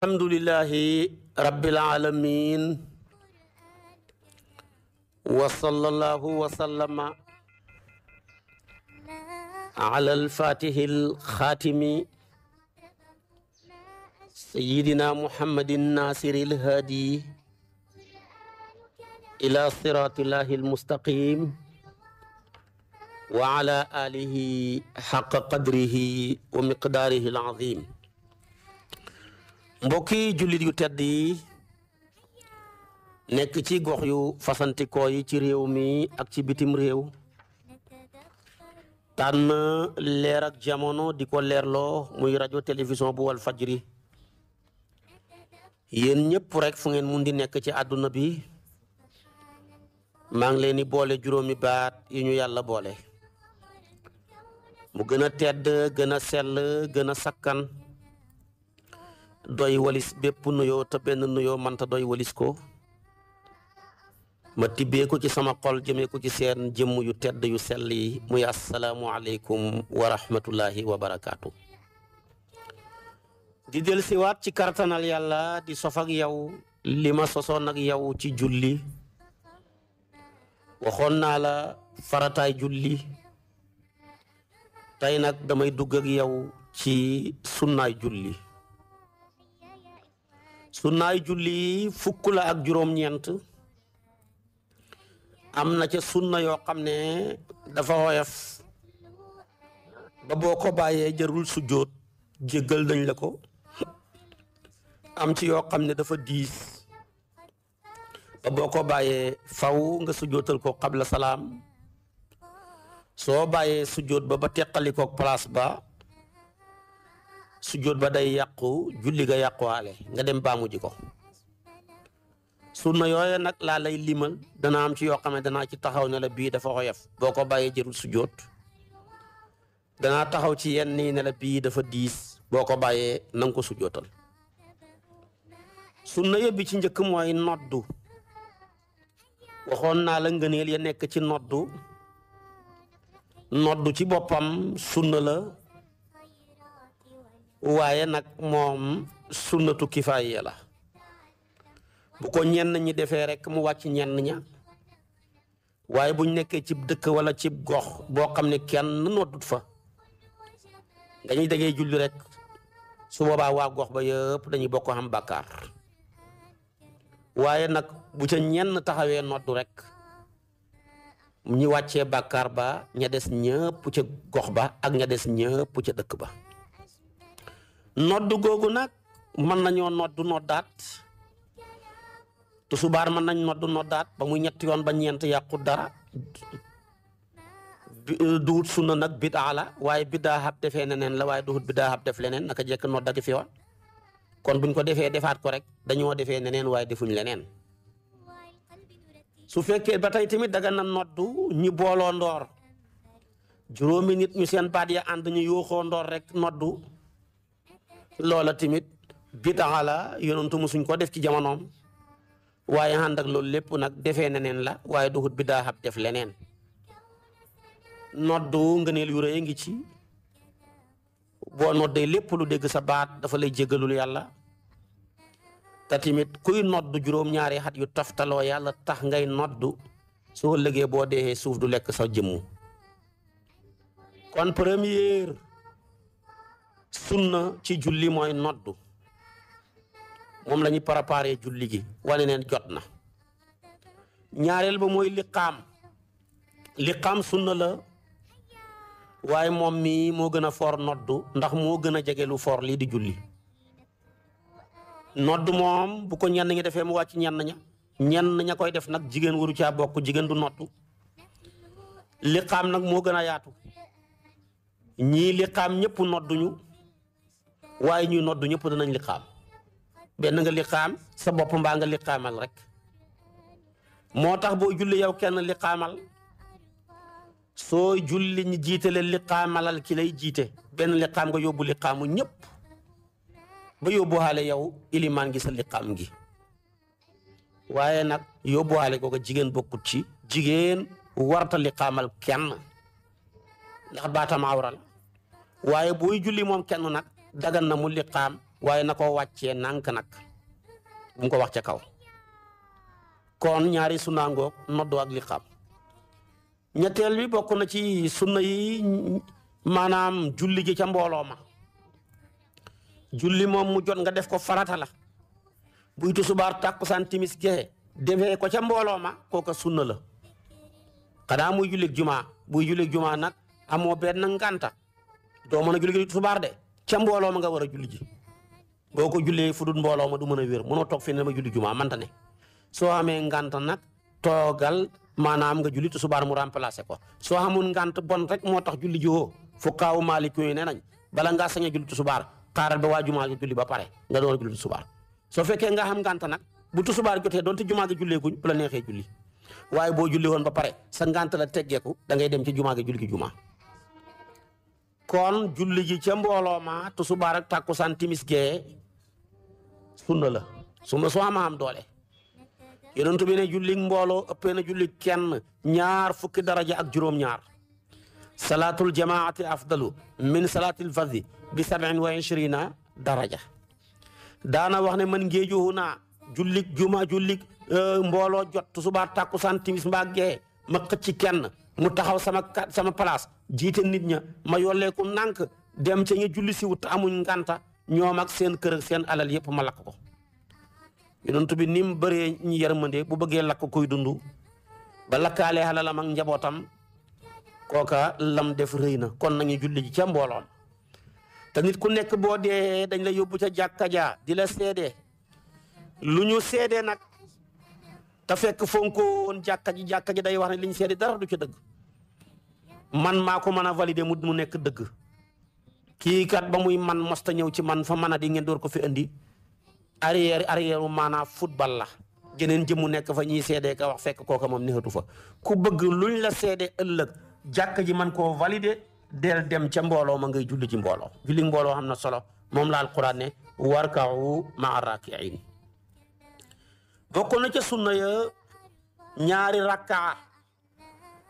alhamdulillahi rabbil alamin wa sallallahu wa sallama ala alfatihi alxaatimi sayidina muhammadin nasiri alhaadi ila siratillahi almustaqim wa ala alihi xaqa qadrihi wa miqdaarihi alazim mbokki jullit yu tedd yi nekk ci gox yu fasantikoo yi ci réew mi ak ci bitim réew tànn leer ak jamono di ko leerloo muy rajo télévision bu wal fajri yéen ñëpp rekk fu ngeen mun di nekk ci àdduna bi maa ngi leen di boole juróomi baat yi ñu yàlla boole mu gën a tedd gën a sell gën a sakkan doy walis bépp nuyoo te benn nuyoo manta doy walis ko ma tibbee ci sama xol jëmee ko ci seen jëmm yu tedd yu sell yi muy asalaamualeykum wa rahmatullahi wa barakaatu. di del siwaat ci kartanal yàlla di sof ak yow li ma sosoon ak yow ci julli waxoon naa la farataay julli tey nag damay dugg ak yow ci sunnaay julli su sunnaay julli fukk la ak juróom-ñeent am na ca sunna yoo xam ne dafa woyof ba boo ko bàyyee jarul sujjóot jéggal dañ la ko am ci yoo xam ne dafa diis ba boo ko bàyyee faw nga sujjóotal ko qabla salaam soo bàyyee sujjóot ba ba teqali ko place ba sujjóot ba day yàqu julli ga yàquwaale nga dem baamu ji ko sunna yooyu nag laa lay limal dana am ci yoo xam ne danaa ci taxaw ne bii dafa xoyof boo ko bàyyee jërul sujjóot danaa taxaw ci yenn yi ne la bii dafa diis boo ko bàyyee nanga ko sujjóotal sunna yëbbi ci njëkk mooy noddu waxoon naa la ngëneel ya nekk ci noddu noddu ci boppam sunna la waaye nag moom sunnatu kifaaya la bu ko ñenn ñi defee rek mu wàcc ñenn ña waaye buñ nekkee cib dëkk wala cib gox boo xam ne kenn noddut fa dañuy dagee julli rek su boobaa waa gox ba yëpp dañuy bokk am bàkkaar waaye nag bu ca ñenn taxawee noddu rek ñi wàccee bàkkaar ba ña des ñëpp ca gox ba ak ña des ñëpp ca dëkk ba nodd googu nag mën nañoo nodd noddaat tusubaar mën nañ nodd noddaat ba muy ñetti yoon ba ñeent yàqu dara euh, duut sunna nag bit la waaye bidaa xab defee neneen la waaye duut bidaa xab def leneen naka jekk nodd ak fi woon kon buñ ko defee defaat ko rek dañoo defee neneen waaye defuñ leneen su fekkee ba tey tamit daga na noddu ñu booloo ndoor juróomi nit ñu seen baat ya ànd ñu yuuxoo ndoor rek noddu loola tamit bidaa la yonantu musuñ ko def ci jamonoom waaye ànd ak loolu lépp nag defee neneen la waaye duhut bidaa ab def leneen noddu ngëneel yu rëy ngi ci boo noddee lépp lu dégg sa baat dafa lay jégalul yàlla te tamit kuy noddu juróom-ñaari xat yu toftaloo yàlla tax ngay noddu soo lëgee boo dee suuf du lekk sa jimu kon première sunna ci julli mooy noddu moom la ñuy préparé julli gi wane neen jot na ñaareel ba mooy liqaam liqaam sunna la waaye moom mii moo gën a foor noddu ndax moo gën a jege lu foor lii di julli nodd moom bu ko ñenn ñi defee mu wàcc ñenn ña ñenn ña koy def nag jigéen waru caa bokk jigéen du noddu liqaam nag moo gën a yaatu ñii liqaam ñëpp nodduñu waaye ñu noddu ñëpp danañ liqaam benn nga liqaam sa bopp mbaa nga liqaamal rek moo tax boo julli yow kenn liqaamal soo julli ñi jiitale liqaamalal ki jiite benn liqaam nga yóbbu liqaamu ñëpp ba yóbbuwaale yow ilimaan ngi sa liqaam gi waaye nag yóbbuwaale kooku jigéen bokkut ci jigéen warta liqaamal kenn ndax baatam waaye booy julli moom kenn nag dagan na mu liqaam waaye na ko wàccee nànk nag bu ko wax ca kaw kon ñaari sunna ngoog noddu ak liqaam ñetteel bi bokk na ci sunna yi maanaam julli gi ca mbooloo ma julli moom mu jot nga def ko farata la buy tusubaar tàkkusaan timis gexe defee ko ca mbooloo ma kooka sunna la xanaa muy jullig jumaa buy jullig jumaa nag amoo benn ngànta doo mën a julli gi tusubaar de ca mbooloo ma nga war a julli ji boo ko jullee fu mbooloo ma du mën a wér mënoo toog fii ne ma julli jumaa manta ne soo amee ngant nag toogal maanaam nga julli tisbaar mu remplacé ko soo amul ngant bon rek moo tax julli ji woo fu kaawu maaliku nee nañ bala ngaa sañ a julli tisbaar xaaral ba waa jumaa julli ba pare nga door a julli tisbaar soo fekkee nga xam ngant nag bu tisbaar jotee doonte jumaa gi julleeguñ bu la neexee julli waaye boo julli woon ba pare sa ngant la teggeeku dangay dem ci jumaa gi julli gi jumaa kon julli ji ca mbooloo ma tusubaar ak takkusaan timis gee sunna la suma soo ama am doole yonentu bi ne julli mbooloo ëppee na julli kenn ñaar fukki daraja ak juróom-ñaar salaatul jamaati afdalu min salaatil fadhi bi sabin wa ishrina daraja daana wax ne man ngéejowu naa jullig juma jullig euh, mbooloo jot tusubaar takkusaan timis mbaa gee ma xëcc kenn mu taxaw sama palaas jiite nit ña ma yolleeku nànk dem ca ña julli si wut amuñ ngànta ñoom ak seen kër ak seen alal yëpp ma lakk ko yonent bi ni mu bëree ñi yërmande bu bëggee lakk koy dundu ba lakkaalee alalam njabootam kooka lam def rëy na kon nañu julli ji ca mbooloom te nit ku nekk boo dee dañ la yóbbu ca jàkka ja di la seede lu ñu seede nag te fekk fonko woon jàkka ji jàkka ji day wax ne ñu seede dara du ca dëgg man maa ko mën a valider mu mu nekk dëgg kii kat ba muy man mosta ñëw ci man fa mën a di ngeen door ko fi indi arrière arrière maanaam football la geneen mu nekk fa ñuy seedee ka wax fekk kooka moom neexatu fa ku bëgg luñ la seedee ëllëg jàkk ji man ko valide del dem ca mbooloo ma ngay julli ci mbooloo julli mbooloo xam na solo moom laal alquran ne warka'u ma'a raaki'iin bokk na ca sunna ya ñaari rakkaa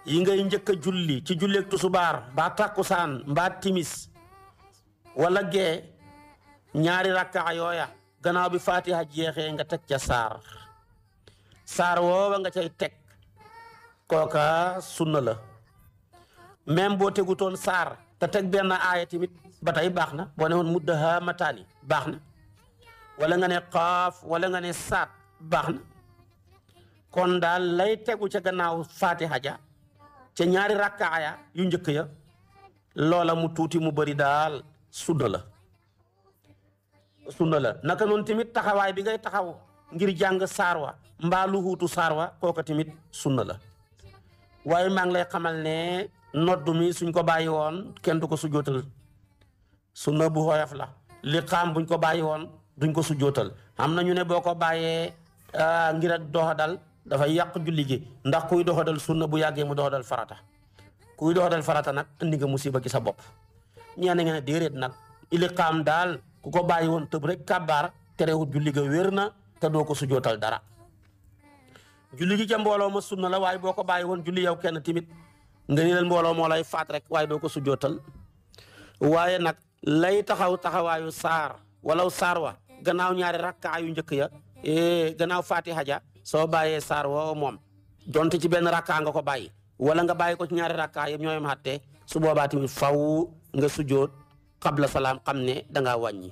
yi ngay njëkk a julli ci julleeg tusubaar mbaa tàkkusaan mbaa timis wala gee ñaari rakkaa yooya gannaaw bi fatiha jeexee nga teg ca saar saar woowa nga cay teg kooka sunna la même boo tegutoon saar te teg benn aaya tamit ba tey baax na boo ne baax na wala nga ne xaaf wala nga ne saat baax na kon daal lay tegu ca gannaaw fatiha ja ca ñaari rakkaaya yu njëkk ya loola mu tuuti mu bari daal sunna la sunna la naka noonu tamit taxawaay bi ngay taxaw ngir jàng saarwa mbaa lu huutu saarwa kooka tamit sunna la waaye maa ngi lay xamal ne noddu mi suñ ko bàyyi woon kenn du ko sujootal sunna bu xoyof la liqaam buñ ko bàyyi woon duñ ko sujootal am na ñu ne boo ko bàyyee ah, ngir ak doxa dal dafay yàq julli gi ndax kuy doxadal na bu yàggee mu doxadal farata kuy doxadal farata nag indi nga musiba gi sa bopp ñee na nga ne déedéet nag iliqaam daal ku ko bàyyi woon tëb rek kàbbaar terewut julli ga wér na te doo ko sujootal dara julli gi ca mbooloo ma na la waaye boo ko bàyyi woon julli yow kenn timit nga ni leen mbooloo moo lay faat rek waaye doo ko sujootal waaye nag lay taxaw taxawaayu saar walaw saar wa gannaaw ñaari rakkaa njëkk ya eh, gannaaw fatiha ja soo bàyyee saar woowa moom donte ci benn rakkaa nga ko bàyyi wala nga bàyyi ko ci ñaari rakkaa yëpp ñooy xatte su boobaa tamit faw nga sujjoot qabla salaam xam ne dangaa wàññi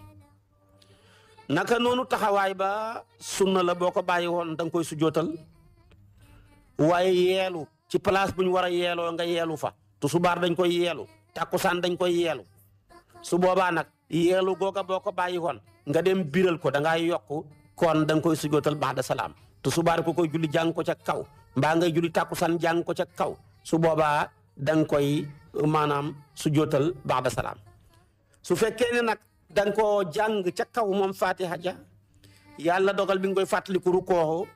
naka noonu taxawaay ba sunna la boo ko bàyyi woon danga koy sujjootal waaye yeelu ci palace bu ñu war a yeeloo nga yeelu fa tusubaar dañ koy yeelu tàkkusaan dañ koy yeelu su boobaa nag yeelu googa boo ko bàyyi woon nga dem biral ko da ngaa yokk kon da koy sujjootal ba'da salaam tusubaar ku koy julli jàng ko ca kaw mbaa ngay julli tàkkusan jàng ko ca kaw su boobaa da nga koy maanaam su jootal baada salaam su fekkee ne nag da ko jàng ca kaw moom fatiha ja yàlla dogal bi nga koy fàttaliku rukoo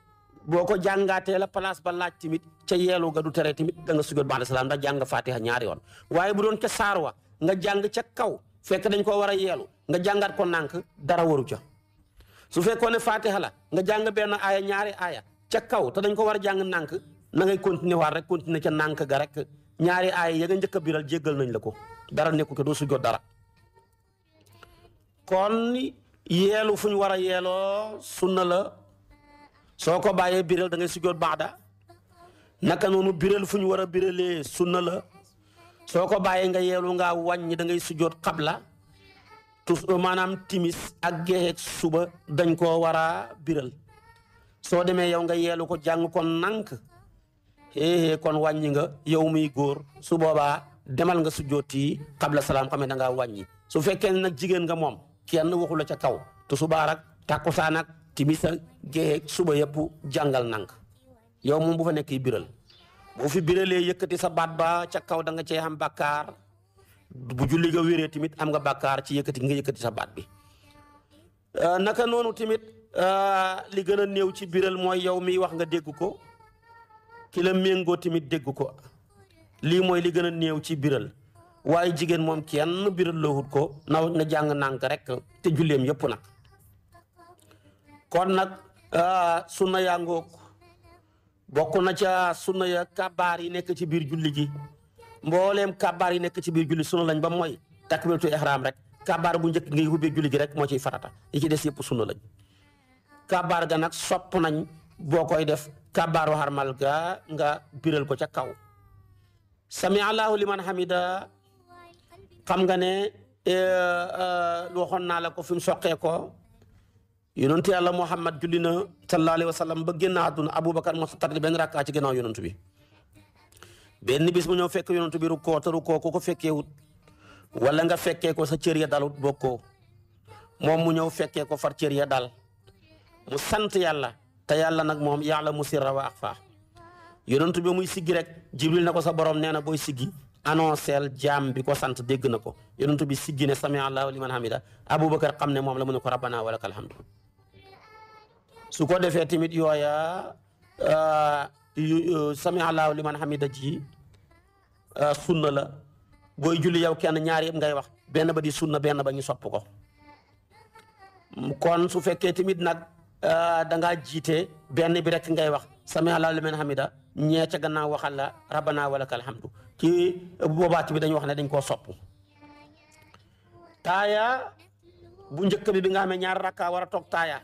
boo ko jàngaatee la place ba laaj tamit ca yeelu ga du tere tamit da nga sujjoot baada salaam ndax jàng fatiha ñaari yoon waaye bu doon ca saarwa nga jàng ca kaw fekk dañ koo war a yeelu nga jàngaat ko nànk dara waru ca su fekkoon ne fatiha la nga jàng benn aaya ñaari aaya ca kaw te dañ ko war a jàng nànk na ngay continuer waar rek continuer ca nànk ga rek ñaari aaya ya nga njëkk a biral jéggal nañ la ko dara nekku ko doo su jot dara kon yeelu fu ñu war a yeeloo sunna la soo ko bàyyee biral da ngay sujjoot baada naka noonu biral fu ñu war a biralee sunna la soo ko bàyyee nga yeelu ngaa wàññi da ngay sujjoot xabla tus euh, maanaam timis ak geexeeg suba dañ koo war a biral soo demee yow nga yeelu ko jàng kon nànk xéexée kon wàññi nga yow muy góor su boobaa demal nga sujjooti xabla salaam xam ne da wàññi su fekkee nag jigéen nga moom kenn waxu la ca kaw te subaa ak takkusaan ak timis ak geexeeg suba yëpp jàngal nànk yow moom bu fa nekk biral boo fi biralee yëkkati sa baat ba ca kaw da nga cee am bàkkaar bu julli nga wéree tamit am nga bàkkaar ci yëkkati nga yëkkati sa baat bi euh, naka noonu tamit euh, li gën a néew ci biral mooy yow mi wax nga dégg ko ki la méngoo tamit dégg ko lii mooy li gën a néew ci biral waaye jigéen moom kenn biral loowut ko naw na jàng nànk rek te julleem yëpp nag kon nag euh, sunna yaa ngoog bokk na ca sunna ya kabaar yi nekk ci biir julli gi mbooleem kabaar yi nekk ci biir julli sunna lañ ba mooy takbiratu ihram rek kabaar bu njëkk ngay hubbee julli gi rek moo ciy farata yi ci des yëpp sunna lañ kabaar ga nag sopp nañ boo koy def kabaaru harmal ga nga biral ko ca kaw sami allahu liman hamida xam nga ne eh, eh, waxoon naa la ko fi mu soqee ko yonentu yàlla muhammad julli na sallallahu alayhi wa ba génn àdduna aboubacar moo sa tarli benn rakkaa ci gannaaw bi benn bis mu ñëw fekk yonent bi rukkoo te rukkoo ko fekkeewut wala nga fekkee ko sa cër ya dalut bokkoo moom mu ñëw fekkee ko far cër ya dal mu sant yàlla te yàlla nag moom yàlla mu sirra wa fa yonent bi muy siggi rek jibril na ko sa borom nee na booy siggi annonceel jaam bi ko sant dégg na ko yonent bi siggi ne sami allahu liman hamida abubakar xam ne moom la mu ne ko rabbana wa ka hamdu su ko defee tamit yooya yu sami allahu liman hamida ji uh, sunna la booy julli yow kenn ñaar yëpp ngay wax benn ba di sunna benn ba ñu sopp ko mm, kon su fekkee tamit nag uh, da ngaa jiite benn bi rek ngay wax sami allahu liman hamida ñee ca gannaaw waxal la rabbana walakal hamdu ci uh, boobaa tamit dañu wax ne dañ koo sopp taaya bu njëkk bi bi nga xamee ñaar rakka war toog taaya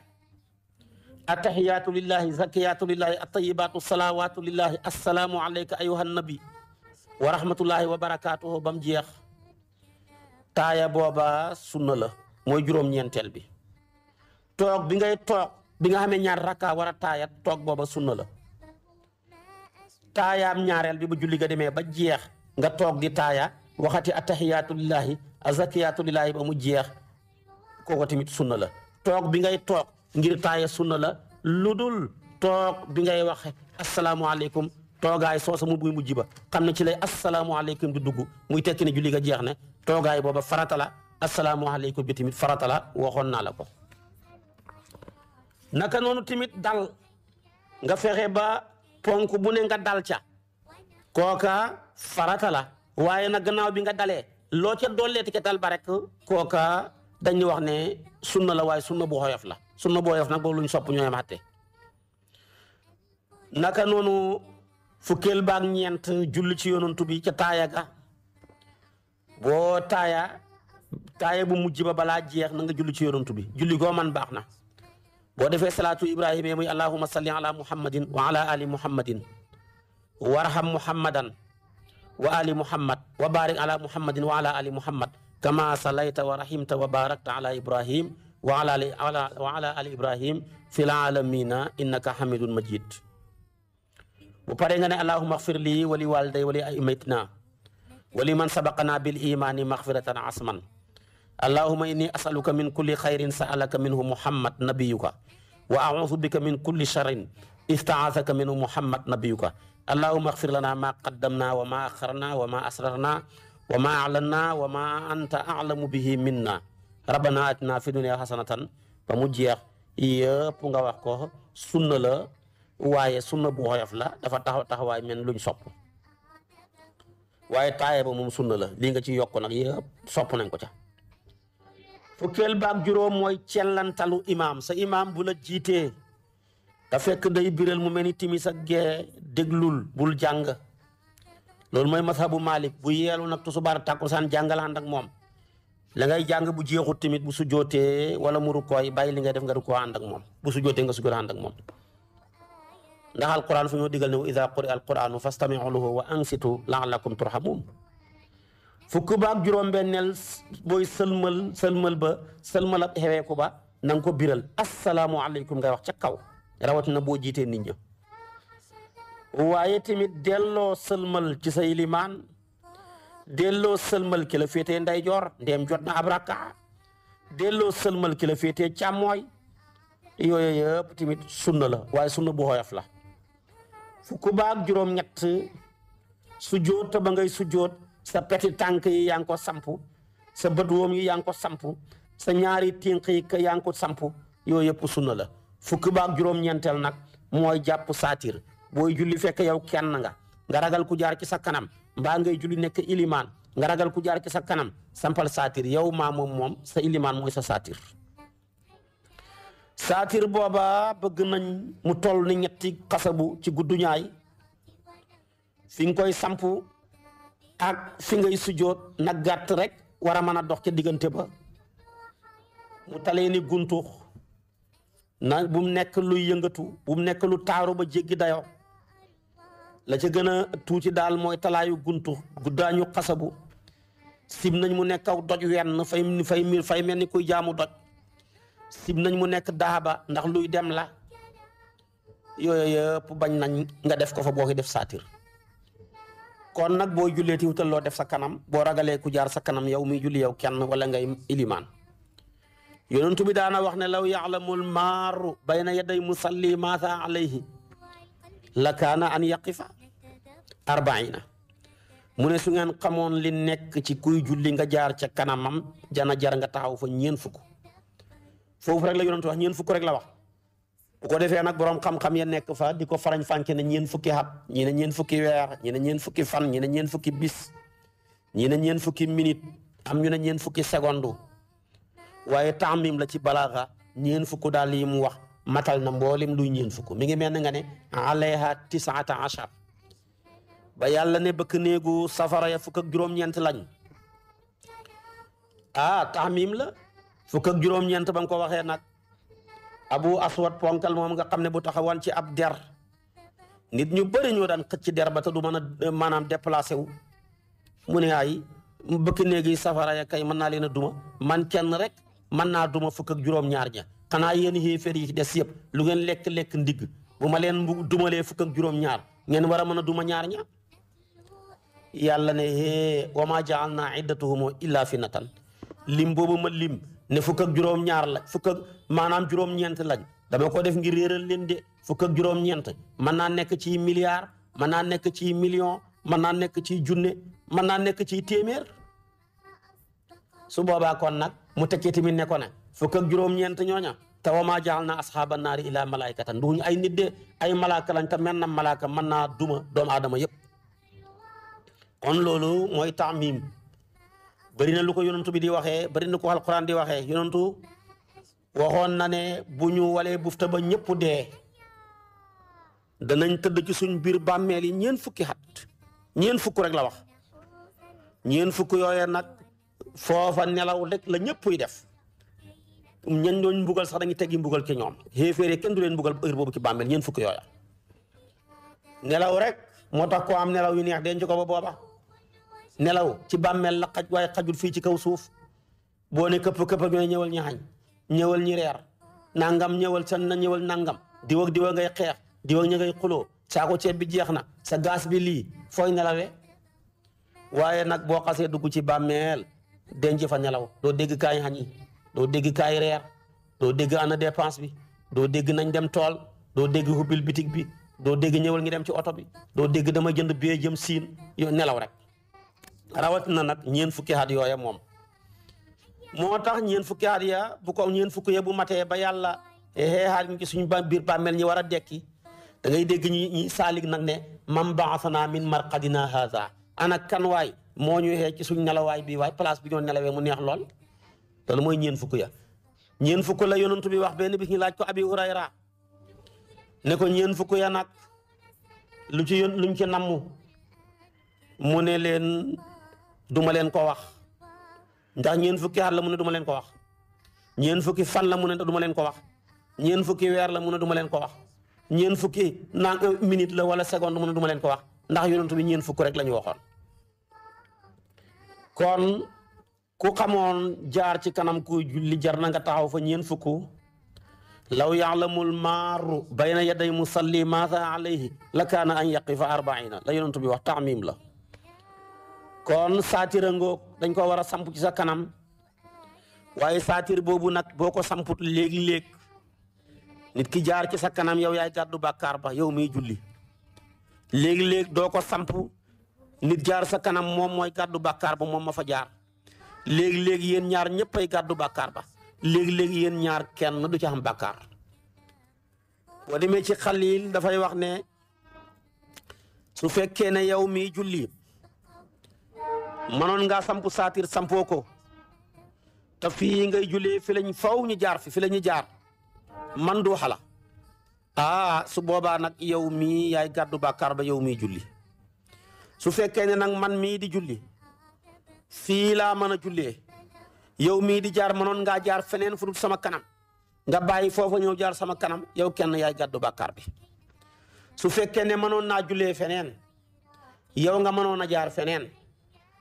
attahiyaatu lillahi zakiyaatu lillahi attayibaatu salawaatu lillahi assalaamu alayka ayuha nabi wa rahmatullahi wa jeex taaya booba sunna la mooy juróom-ñeenteel bi toog bi ngay toog bi nga xamee ñaar rakka war a taaya toog booba sunna la taayaam ñaareel bi bu julli ga demee ba jeex nga toog di taaya waxati attahiyaatu lillahi azakiyaatu lillahi ba mu jeex kooku tamit sunna la toog bi ngay toog ngir taaya sunna la lu dul toog bi ngay waxe asalaamaaleykum toogaay soosa mu muy mujj ba xam ne ci lay asalaamaaleykum du dugg muy tekki ne julli ga jeex ne toogaay booba farata la asalaamaaleykum bi tamit farata la waxoon naa la ko naka noonu tamit dal nga fexe ba ponk bu ne nga dal ca kooka farata waaye nag gannaaw bi nga dalee loo ca dolleeti ca dal ba rek kooka dañuy wax ne sunna la waaye sunna bu xoyof la sunna boo def nag boobu lu ñu sopp ñoo naka noonu fukkeel baak ñeent julli ci yonantu bi ca taaya ga boo taaya taaya bu mujj ba balaa jeex na nga julli ci yonantu bi julli goo man baax na boo defee salaatu ibrahima muy allahuma salli ala muhammadin wa ala ali muhammadin warham muhammadan wa ali muhammad wa barik ala muhammadin wa ala ali muhammad kama salayta wa rahimta wa barakta ala ibrahim wa ala ali wa ala ali ibrahim fil alamina innaka hamidun majid bu paree nga ne allahuma axfir lii wali waliday wali aimatina wali man sabaqana bil imani maxfiratan asman allahuma inni asaluka min kulli xayrin saalaka minhu muhammad nabiyuka wa audu bika min kulli charrin istaasaka minhu muhammad nabiyuka allahuma axfir lana ma qaddamna wa ma axarna wa ma asrarna wa ma alanna wa ma anta alamu bihi minna rabbana atina fi dunya hasanatan ba mu jeex yëpp nga wax ko sunna la waaye sunna bu xoyof la dafa taxaw taxawaay men luñ sopp waaye taaye ba moom sunna la lii nga ci yokk nag yëpp sopp nañ ko ca fukkeel baag juróom mooy cellantalu imaam sa imaam bu la jiitee te fekk day biral mu mel ni timis ak gee déglul bul jàng loolu mooy mazhabu Malik bu yeelu nag tusubaar tàkkusaan jàngal ànd ak moom la ngay jàng bu jeexut tamit bu su jootee wala mu rukkooy bàyyi li ngay def nga rukkoo ànd moom bu su jootee nga su gën a ànd ak moom ndax alquran fu ñoo digal ne wa ida quri'a alquranu fastami'u lahu wa ansitu la'allakum turhamun fukk ba ak juróom-benneel booy sëlmal sëlmal ba sëlmal ab xeweeku ba na nga ko biral asalaamualeykum ngay wax ca kaw rawatina boo jiitee nit ña waaye tamit delloo sëlmal ci say limaan delloo sëlmal ki la féetee ndeyjoor ndeem jot na abraka rakka delloo sëlmal ki la féetee càmmooy yooyu yëpp tamit sunna la waaye sunna bu xoyof la fukk baag juróom-ñett sujjóot te ba ngay sujjóot sa peti tànk yi yaa ngi sampu sa bët woom yi yaa ngi ko sampu sa ñaari tànk yi yaa ngi ko sampu yëpp sunna la fukk baag juróom-ñeenteel nag mooy jàpp saatir booy julli fekk yow kenn nga nga ragal ku jaar ci sa kanam mbaa ngay julli nekk ilimaan nga ragal ku jaar ci sa kanam sampal saatir yow maa moom moom sa ilimaan mooy sa saatir saatir booba bëgg nañ mu toll ni ñetti xasabu ci gudduñaay fi nga koy sampu ak fi ngay sujjoot nag gàtt rek war a mën a dox ca diggante ba mu talee ni guntux na bu nekk luy yëngatu bu nekk lu taaru ba jéggi dayoo la ca gën a tuuti daal mooy talaayu guntu guddaañu xasabu sib nañ mu nekk aw doj wenn fay fay fay mel ni kuy jaamu doj sib nañ mu nekk daaba ndax luy dem la yooyu yëpp bañ nañ nga def ko fa boo ko def saatir kon nag boo jullee ti wutal loo def sa kanam boo ragalee ku jaar sa kanam yow miy julli yow kenn wala ngay ilimaan yonentu bi daana wax ne law yaalamul maaru bayna yaday musalli maasa alayhi la kaana an yaqifa arbaina mu ne su ngeen xamoon li nekk ci kuy julli nga jaar ca kanamam jana jar nga taxaw fa ñeen fukk foofu rek la yonent wax ñeen fukk rek la wax bu ko defee nag boroom xam-xam ya nekk fa di ko farañ fànke ne ñeen fukki at ñi ne ñeen fukki weer ñi ne ñeen fukki fan ñi ne ñeen fukki bis ñi ne ñeen fukki minute am ñu ne ñeen fukki seconde waaye taamim la ci balaaxa ñeen fukk daal yi mu wax matal na mboolem luy ñeen fukk mi ngi mel ne nga ne alayha tisaata achar ba yàlla ne bëkk néegu safara ya fukk ak juróom-ñeent lañ ah taxmim la fukk ak juróom-ñeent ba nga ko waxee nag abu aswad ponkal moom nga xam ne bu taxawan ci ab der nit ñu bëri ñoo daan xëcc der ba te du mën a maanaam déplacé wu mu ne ay bëkk néegi safara ya kay mën naa leen a duma man kenn rek mën naa duma fukk juróom-ñaar ña xanaa yéen xéeféer yi ci des yëpp lu ngeen lekk-lekk ndig bu ma leen dumalee fukk ak juróom-ñaar ngeen war a mën a duma ñaar ña yàlla ne hee wa na jaal naa iddatuhum illaa fitnatan lim boobu ma lim ne fukk ak juróom-ñaar la fukk ak maanaam juróom-ñeent lañ dama ko def ngir réeral leen de fukk ak juróom-ñeent mën naa nekk ci milliard mën naa nekk ci million mën naa nekk ci junne mën naa nekk ci téeméer su boobaa kon nag mu tekkee tamit ne ko fukk ak juróom-ñeent ñooña te wa maa jaal naa asxaaba naari illaa malaayikatan duñu ay nit de ay malaaka lañ te mel na malaaka mën naa duma doomu aadama yëpp. kon loolu mooy taamim bëri na lu ko yonantu bi di waxee bëri na ko alquran di waxee yonantu waxoon na ne bu ñu walee bufta ba ñëpp dee danañ tëdd ci suñ biir bàmmeel yi ñeen fukki xat ñeen fukk rek la wax ñeen fukk yooye nag foofa nelaw rek la ñëppuy def ñan ñooñ mbugal sax dañuy teggi mbugal ci ñoom xéeféere kenn du boobu ci bàmmeel ñeen fukk yooya rek moo tax koo am nelaw yu neex denc ko booba nelaw ci bàmmeel la xaj waaye xajul fii ci kaw suuf boo ne këpp këpp ak ñëwal ñi xañ ñëwal ñi reer nangam ñëwal san na ñëwal nangam diw ak diw a ngay xeex diw ak ña ngay xuloo saako ceeb bi jeex na sa gaas bi lii fooy nelawe waaye nag boo xasee dugg ci bàmmeel denc fa nelaw doo dégg kaay xañ yi doo dégg kaay reer doo dégg ana dépense bi doo dégg nañ dem tool doo dégg hubbil bitig bi doo dégg ñëwal ngi dem ci oto bi doo dégg dama jënd bee jëm siin yow nelaw rek rawatina nag ñeen fukki at yooya moom moo tax ñeen fukki at ya bu ko ñeen fukki ya bu matee ba yàlla xeexaat ñu ci suñu ba biir bàmmeel war a dekki dangay ngay dégg ñi ñi saalik nag ne man baasana min marqadina haza ana kan moo ñu xee ci suñ nelawaay bi waay place bi ñoo nelawee mu neex lool loolu mooy ñeen fukk ya ñeen fukk la yonantu bi wax benn bis ñu laaj ko abi hurayra ne ko ñeen fukk ya nag lu ci yon luñ ci mu ne leen duma leen ko wax ndax ñeen fukki at la mu ne duma leen ko wax ñeen fukki fan la mu ne duma leen ko wax ñeen fukki weer la mu a duma leen ko wax ñeen fukki na minute la wala seconde mun ne duma leen ko wax ndax yonent bi ñeen fukk rek la ñu waxoon kon ku xamoon jaar ci kanam ku julli jar na nga taxaw fa ñeen fukk law yaalamul maaru bayna yaday musalli maasa alayhi la kaana an yaqifa arbaina la yonent bi wax taamim la kon saatir ngoog dañ ko war a samp ci sa kanam waaye saatir boobu nag boo ko samput léegi-léeg nit ki jaar ci sa kanam yow yaay gàddu bàkkaar ba yow mi julli léegi-léeg doo ko samp nit jaar sa kanam moom mooy gàddu bakkar ba moom ma fa jaar léeg léeg yéen ñaar ñëpp ay gàddu bàkkaar ba léegi-léeg yéen ñaar kenn du ci am bàkkaar boo demee ci xalil dafay wax ne su fekkee ne yow mi julli mënoon ngaa samp saatir sampoo ko te fii ngay julee fi lañ faw ñi jaar fi fi la jaar man du xala aa ah, su boobaa nag yow mii yaay gàddu bàkkaar ba yow mii julli su fekkee ne nag man mii di julli fii laa mën a jullee yow mii di jaar mënoon ngaa jaar feneen fu sama kanam nga bàyyi foofa ñëw jaar sama kanam yow kenn yaay gàddu bàkkaar bi su fekkee ne mënoon naa jullee feneen yow nga mënoon a jaar feneen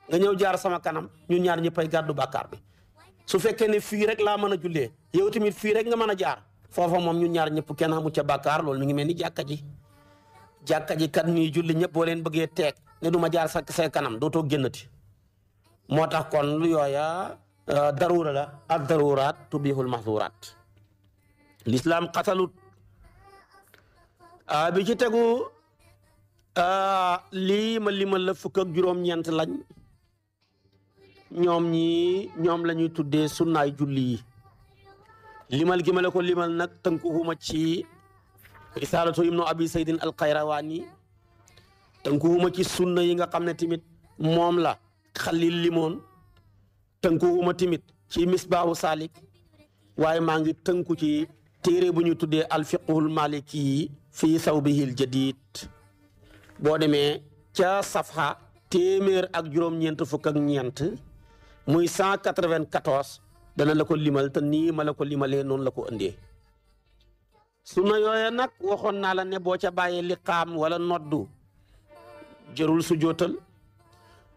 nga ñëw jaar sama kanam ñu ñaar ñëppay gàddu bàkkaar bi su fekkee ne fii rek laa mën a jullee yow tamit fii rek nga mën a jaar foofa moom ñu ñaar ñëpp kenn xamu ca bàkkaar loolu mi ngi mel ni jàkka ji jàkka kat ñuy julli ñëpp boo bëggee teeg ne du ma jaar sa say kanam dootoo génnati moo tax kon lu yooya euh, daruura la ak daruuraat tubihul mahzuraat lislaam xatalut ah, bi ci tegu euh, lii ma limal la fukk juróom-ñeent lañ ñoom ñi ñoom la ñuy tuddee sunnaay julli yi limal gi ko limal nag tënkuwuma ci risaalatu ibnu abi saydin alxayrawaani tënkuwuma ci sunna yi nga xam ne tamit moom la xalil limoon tënkuwuma tamit ci misbaahu salik waaye maa ngi tënku ci téere bu ñu tuddee alfiqhul maliki fii sawbihil jadid boo demee ca safha téeméer ak juróom-ñeent fukk ak ñeent muy cent quatre-vingt-quatorze dana la ko limal te nii ma la ko limalee noonu la ko indee sunna yooya nag waxoon naa la ne boo ca bàyyee liqaam wala noddu jërul su jootal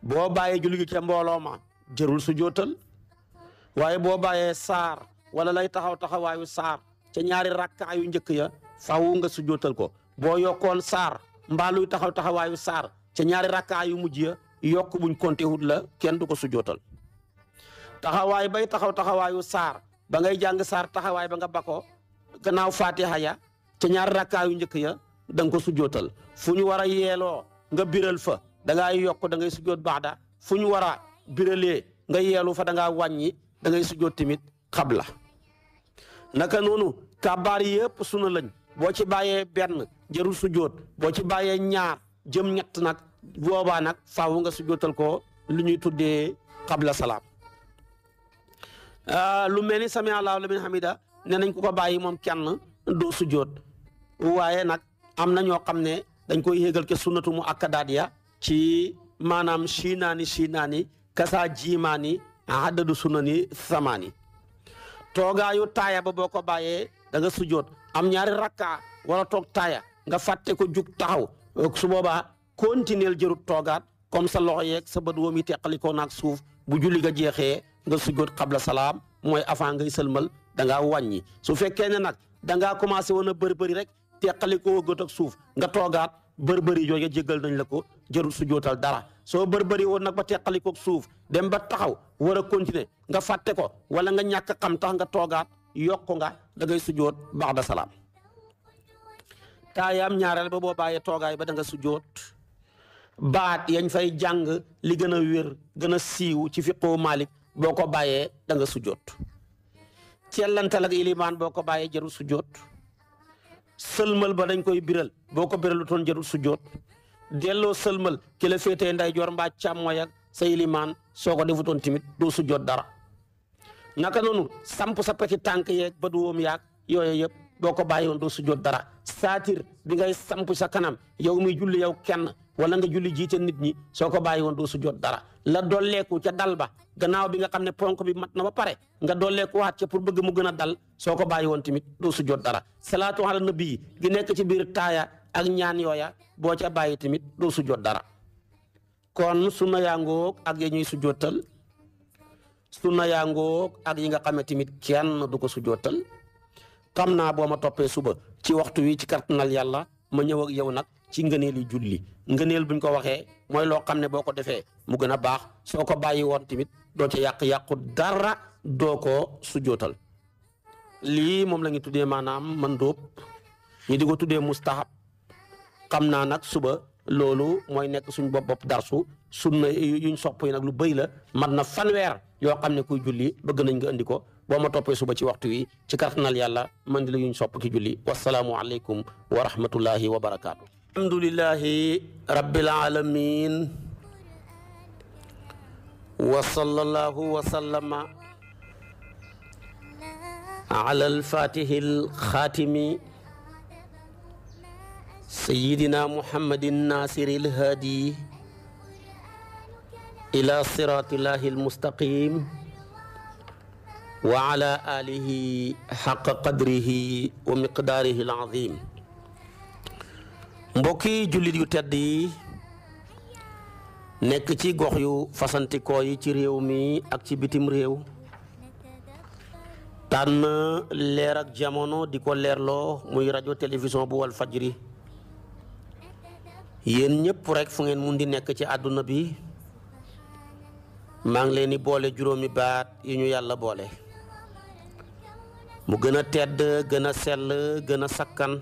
boo bàyyee julli gi ca mbooloo ma jërul su jootal waaye boo bàyyee saar wala lay taxaw taxawaayu saar ca ñaari rakka yu njëkk ya faaw nga su jootal ko boo yokkoon saar mbaa luy taxaw taxawaayu saar ca ñaari rakka yu mujj ya yokk buñ konte wut la kenn du ko su jootal taxawaay bay taxaw taxawaayu saar ba ngay jàng saar taxawaay ba nga bako gannaaw fatiha ya ca ñaar rakkaayu njëkk ya da nga ko sujjootal fu ñu war a yeeloo nga biral fa da yokk da ngay baax baada fu ñu war a biralee nga yeelu fa danga ngaa wàññi da ngay sujjoot tamit xabla naka noonu kàbbaar yëpp sunu lañ boo ci bàyyee benn jarul sujjoot boo ci bàyyee ñaar jëm ñett nag boobaa nag faaw nga sujjootal ko lu ñuy tuddee xabla salaam Euh, lu mel ni sami allahu liman hamida ne nañ ku ko bàyyi moom kenn doo sujjóot waaye nag am na ñoo xam ne dañ koy yéegal ke sunnatu mu akkadaat ya ci maanaam chinaani chinaani kasaa jiimaani haddadu sunnani samaani toogaayu taaya ba boo ko bàyyee da nga am ñaari rakka wala toog taaya nga fàtte ko jug taxaw su boobaa continuer jërut toogaat comme sa loxo yeeg sa bët woom yi teqalikoo suuf bu julli ga jeexee nga sujjóot xabla salaam mooy avant ngay sëlmal danga ngaa wàññi su fekkee ne nag da ngaa commencé woon a bërbëri rek teqali koo gët ak suuf nga toogaat bërbëri jooju jéggal nañ la ko jërul sujjóotal dara soo bërbëri woon nag ba teqali kook suuf dem ba taxaw war a nga fàtte ko wala nga ñàkk xam tax nga toogaat yokk nga da ngay sujjóot ba'da salaam taayaam ñaareel ba boo bàyyee toogaay ba da nga baat yañ fay jàng li gën a wér gën a siiw ci fiqoo Malik boo ko bàyyee da nga sujjoot cellantal ak ilimaan boo ko bàyyee jarul sujjoot sëlmal ba dañ koy biral boo ko biralutoon jarul sujjoot delloo sëlmal ki la féetee nday joor mbaa càmmooy ak sa ilimaan soo ko defutoon tamit doo sujjoot dara naka noonu samp sa peti tànk yeeg ba du woom yaag yooyu yëpp boo ko bàyyi woon doo sujjoot dara saatir bi ngay samp sa kanam yow mi julli yow kenn wala nga julli jiite nit ñi soo ko bàyyi woon doo su jot dara la dolleeku ca dal ba gannaaw bi nga xam ne ponk bi mat na ba pare nga dolleeku waat ca pour bëgg mu gën a dal soo ko bàyyi woon tamit doo su jot dara salaatu ala nabi gi nekk ci biir taaya ak ñaan yooya boo ca bàyyi tamit doo su jot dara kon sunna yaa ngoog ak ya su jottal sunna yaa ngoog ak yi nga xam ne tamit kenn du ko su jottal xam naa boo ma toppee suba ci waxtu wi ci kartanal yàlla ma ñëw ak yow nag ci ngëneelu julli ngëneel buñ ko waxee mooy loo xam ne boo ko defee mu gën a baax soo ko bàyyi woon tamit doo ca yàq-yàqu dara doo ko sujootal lii moom la ñu tuddee maanaam man dóob ñu di ko tuddee mustahab xam naa nag suba loolu mooy nekk suñ bopp bopp darsu sunna yuñ sopp yi nag lu bëri la man na fanweer yoo xam ne kuy julli bëgg nañ nga andi ko boo ma toppee suba ci waxtu wi ci kartanal yàlla man di la yuñ sopp ki julli wasalaamu aleykum wa rahmatullahi wa alhamdulillahi rabbil alamin wa sallallahu wa sallama ala alfatihi alxaatimi sayyidina muhammadin nasiri alhaadi ila siratillahi almustaqim wa ala alihi xaqa qadrihi wa miqdaarihi alazim mbokki jullit yu tedd yi nekk ci gox yu fasantikoo yi ci réew mi ak ci bitim réew tànn leer ak jamono di ko leerloo muy rajo télévision bu wal fajri yéen ñëpp rek fu ngeen mun di nekk ci àdduna bi maa ngi leen di boole juróomi baat yi ñu yàlla boole mu gën a tedd gën a sell gën a sakkan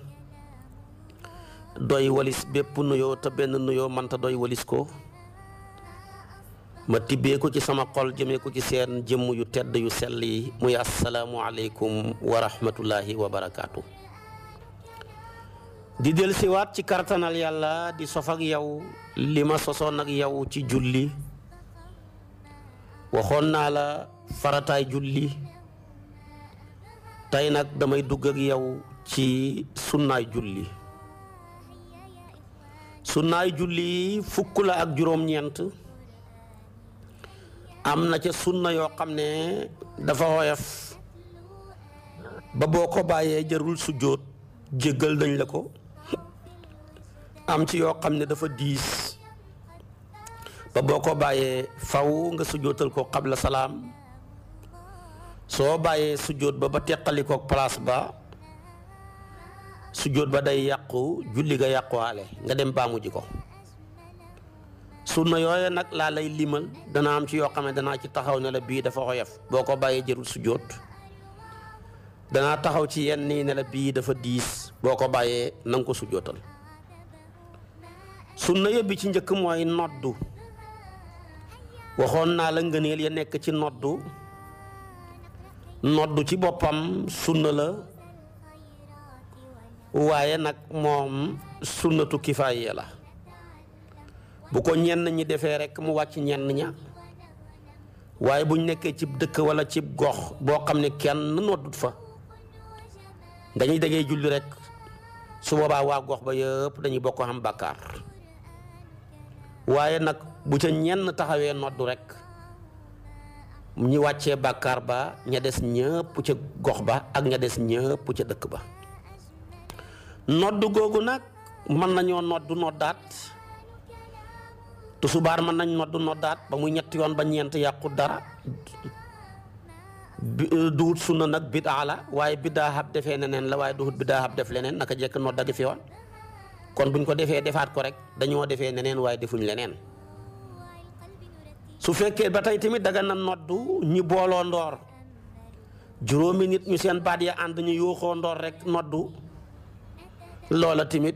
doy walis bépp nuyoo te benn nuyoo manta doy walis ko ma tibbee ci sama xol jëmee ko ci seen jëmm yu tedd yu sell yi muy asalaamualeykum wa rahmatullahi wa barakaatu. di del siwaat ci kartanal yàlla di sof ak yow li ma sosoon ak yow ci julli waxoon naa la farataay julli tey nag damay dugg ak yow ci sunnaay julli su sunnaay julli fukk la ak juróom-ñeent am na ca sunna yoo xam ne dafa woyof ba boo ko bàyyee jarul sujjóot jéggal dañ la ko am ci yoo xam ne dafa diis ba boo ko bàyyee faw nga sujjóotal ko xabla salaam soo bàyyee sujjóot ba ba teqali ko place ba sujjóot ba day yàqu julli ga yàquwaale nga dem baamu ji ko sunna yooye nag laa lay limal dana am ci yoo xam ne danaa ci taxaw ne bii dafa xoyof boo ko bàyyee jërul sujjóot danaa taxaw ci yenn yi ne bii dafa diis boo ko bàyyee na nga ko sujjóotal sunna yëbbi ci njëkk mooy noddu waxoon naa la ngëneel ya nekk ci noddu noddu ci boppam sunna la waaye nag moom sunnatu kifaaya la bu ko ñenn ñi defee rekk mu wàcc ñenn ña waaye buñ nekkee cib dëkk walla cib gox boo xam ne kenn noddut fa dañuy dagee julli rekk su boobaa waa gox ba yëpp dañuy bokk am bàkkaar waaye nag bu ca ñenn taxawee noddu rekk ñu wàccee bàkkaar ba ña des ñëpp ca gox ba ak ña des ñëpp ca dëkk ba nodd googu nag mën nañoo noddu noddaat tusubaar mën nañ noddu noddaat ba muy ñetti yoon ba ñeent yàqu dara euh, duhut sunna nag bidaa la waaye bidaa xab defee neneen la waaye duhut bidaa xab def leneen a jekk nodda gi fi woon kon buñ ko defee defaat ko rek dañoo defee neneen waaye defuñ leneen su fekkee ba tey tamit daga na noddu ñi booloo ndoor juróomi nit ñu seen baat yi ànd ñu yuuxoo ndoor rek noddu loola tamit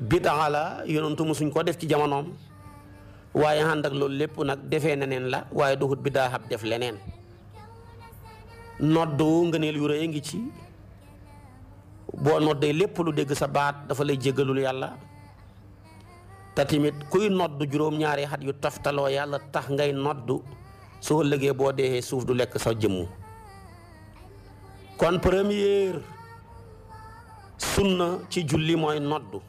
bidaa la yonantu mosuñ koo def ci jamonoom waaye ànd ak loolu lépp nag defee neneen la waaye duxut daa ab def leneen noddu ngëneel yu rëy a ngi ci boo noddee lépp lu dégg sa baat dafa lay jéggalul yàlla te tamit kuy noddu juróom-ñaari xat yu toftaloo yàlla tax ngay noddu soo ëllëgee boo dee suuf du lekk sa jëmm kon première sunna ci julli mooy noddu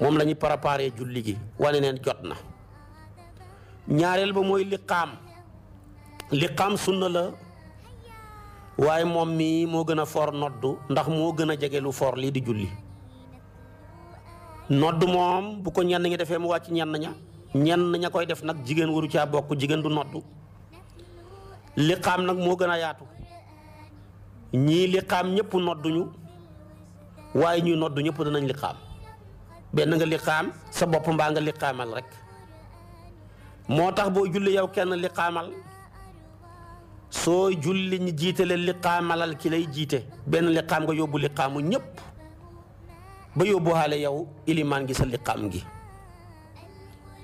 moom lañuy ñu préparé julli gi wane neen jot na ñaareel ba mooy liqaam liqaam sunna la waaye moom mii moo gën a for noddu ndax moo gën a jege lu foor lii di julli nodd moom bu ko ñenn ñi defee mu wàcc ñenn ña ñenn ña koy def nag jigéen waru caa bokk jigéen du noddu liqaam nag moo gën a yaatu ñii liqaam ñëpp nodduñu waaye ñuy noddu ñëpp danañ liqaam benn nga liqaam sa bopp mbaa nga liqaamal rek moo tax boo julli yow kenn liqaamal soo julli ñi jiite leen liqaamalal ki lay jiite benn liqaam nga yóbbu liqaamu ñëpp ba yóbbuwaale yow ilimaan gi sa liqaam gi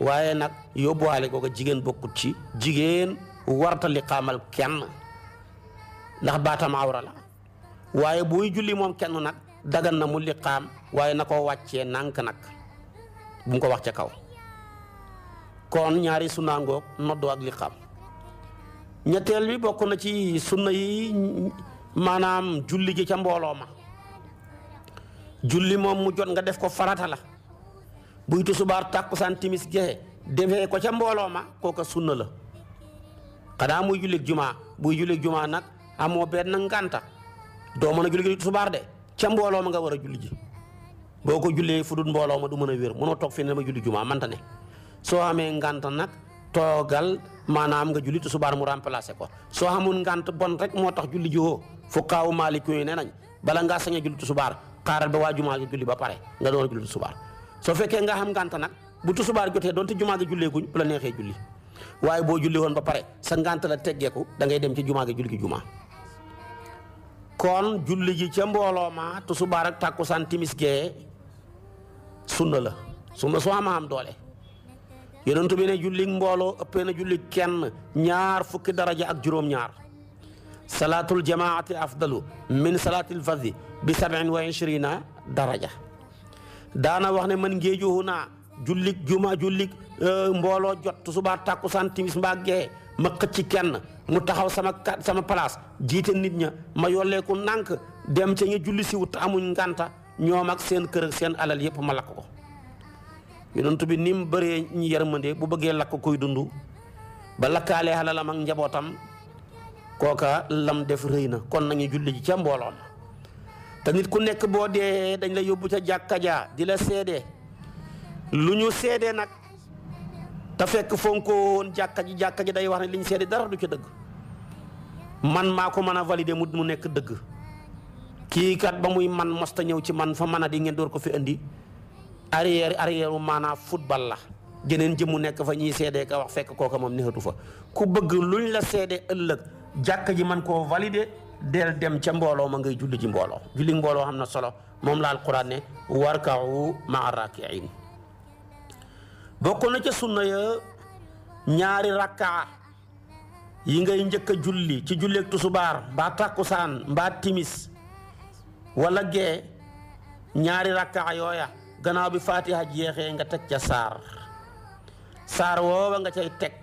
waaye nag yóbbuwaale googa jigéen bokkut ci jigéen warta liqaamal kenn ndax baatam awra waaye booy julli moom kenn nag dagan na mu liqaam waaye na ko wàccee nànk nag bu mu ko wax ca kaw kon ñaari sunna ngoog noddu ak liqaam ñetteel bi bokk na ci suna yi maanaam julli gi ca mbooloo ma julli moom mu jot nga def ko farata la buy tusubaar tàkkusaan timis gexe defee ko ca mbooloo ma kooka sunna la xanaa muy jullig jumaa buy jullig jumaa nag amoo benn ngànta doo mën na julli gi tusubaar de ca mbooloo ma nga war a julli ji boo ko jullee fu dul mbooloo ma du mën a wér mën a toog fi ne ma julli jumaa manta ne soo amee ngant nag toogal maanaam nga julli tisbaar mu remplacé ko soo amul ngant bon rek moo tax julli ji woo fu kaawu maaliku yi ne nañ bala ngaa sañ a julli tisbaar xaaral ba waa jumaa gi julli ba pare nga door a julli tisbaar soo fekkee nga xam ngànt nag bu tisbaar jotee doonte jumaa gi jullee guñ bu la neexee julli waaye boo julli woon ba pare sa ngànt la teggeeku da ngay dem ci jumaa gi julli gi kon julli ji ca mbooloo ma tusubaar ak tàkkusaan timis gee sunna la sunna su ama am doole yonentu bi ne julli mbooloo ëppee na julli kenn ñaar fukki daraja ak juróom-ñaar salaatul jamaati afdalu min salaatil fadhi bi sabin wa ishrina daraja daana wax ne man ngéejuhu naa jullik juma jullik euh, mbooloo jot tusubaar tàkkusaan timis mbaa gee ma xëcc kenn mu taxaw sama sama place jiite nit ña ma yolleeku nànk dem ca ñu julli si wut amuñ ngànta ñoom ak seen kër ak seen alal yëpp ma lakk ko yonent bi ni mu bëree ñi yërmande bu bëggee lakk koy dundu ba lakkaalee alalam ak njabootam kooka lam def rëy na kon nañu julli ji ca mbooloom te nit ku nekk boo dee dañ la yóbbu ca jàkka ja di la seede lu ñu seede nag te fekk fonkoo woon jàkka ji jàkka ji day wax ne liñ seede dara du ca dëgg man maa ko mën a valider mu mu nekk dëgg kii kat ba muy man mosta ñëw ci man fa mën a di ngeen ko fi indi arrière arrière mu maanaam football la geneen jëmu nekk fa ñuy seedee ka wax fekk kooka moom neexatu fa ku bëgg luñ la seedee ëllëg jàkka ji man koo valider del dem ca mbooloo ma ngay julli ji mbooloo julli mbooloo xam na solo moom la alquran ne warka'u ma'a raaki'iin bokk na ca sunna ya ñaari rakkaa yi ngay njëkk a julli ci julleeg tusubaar mbaa tàkkusaan mbaa timis wala gee ñaari rakkaa yooya gannaaw bi fatiha jeexee nga teg ca saar saar woowa nga cay teg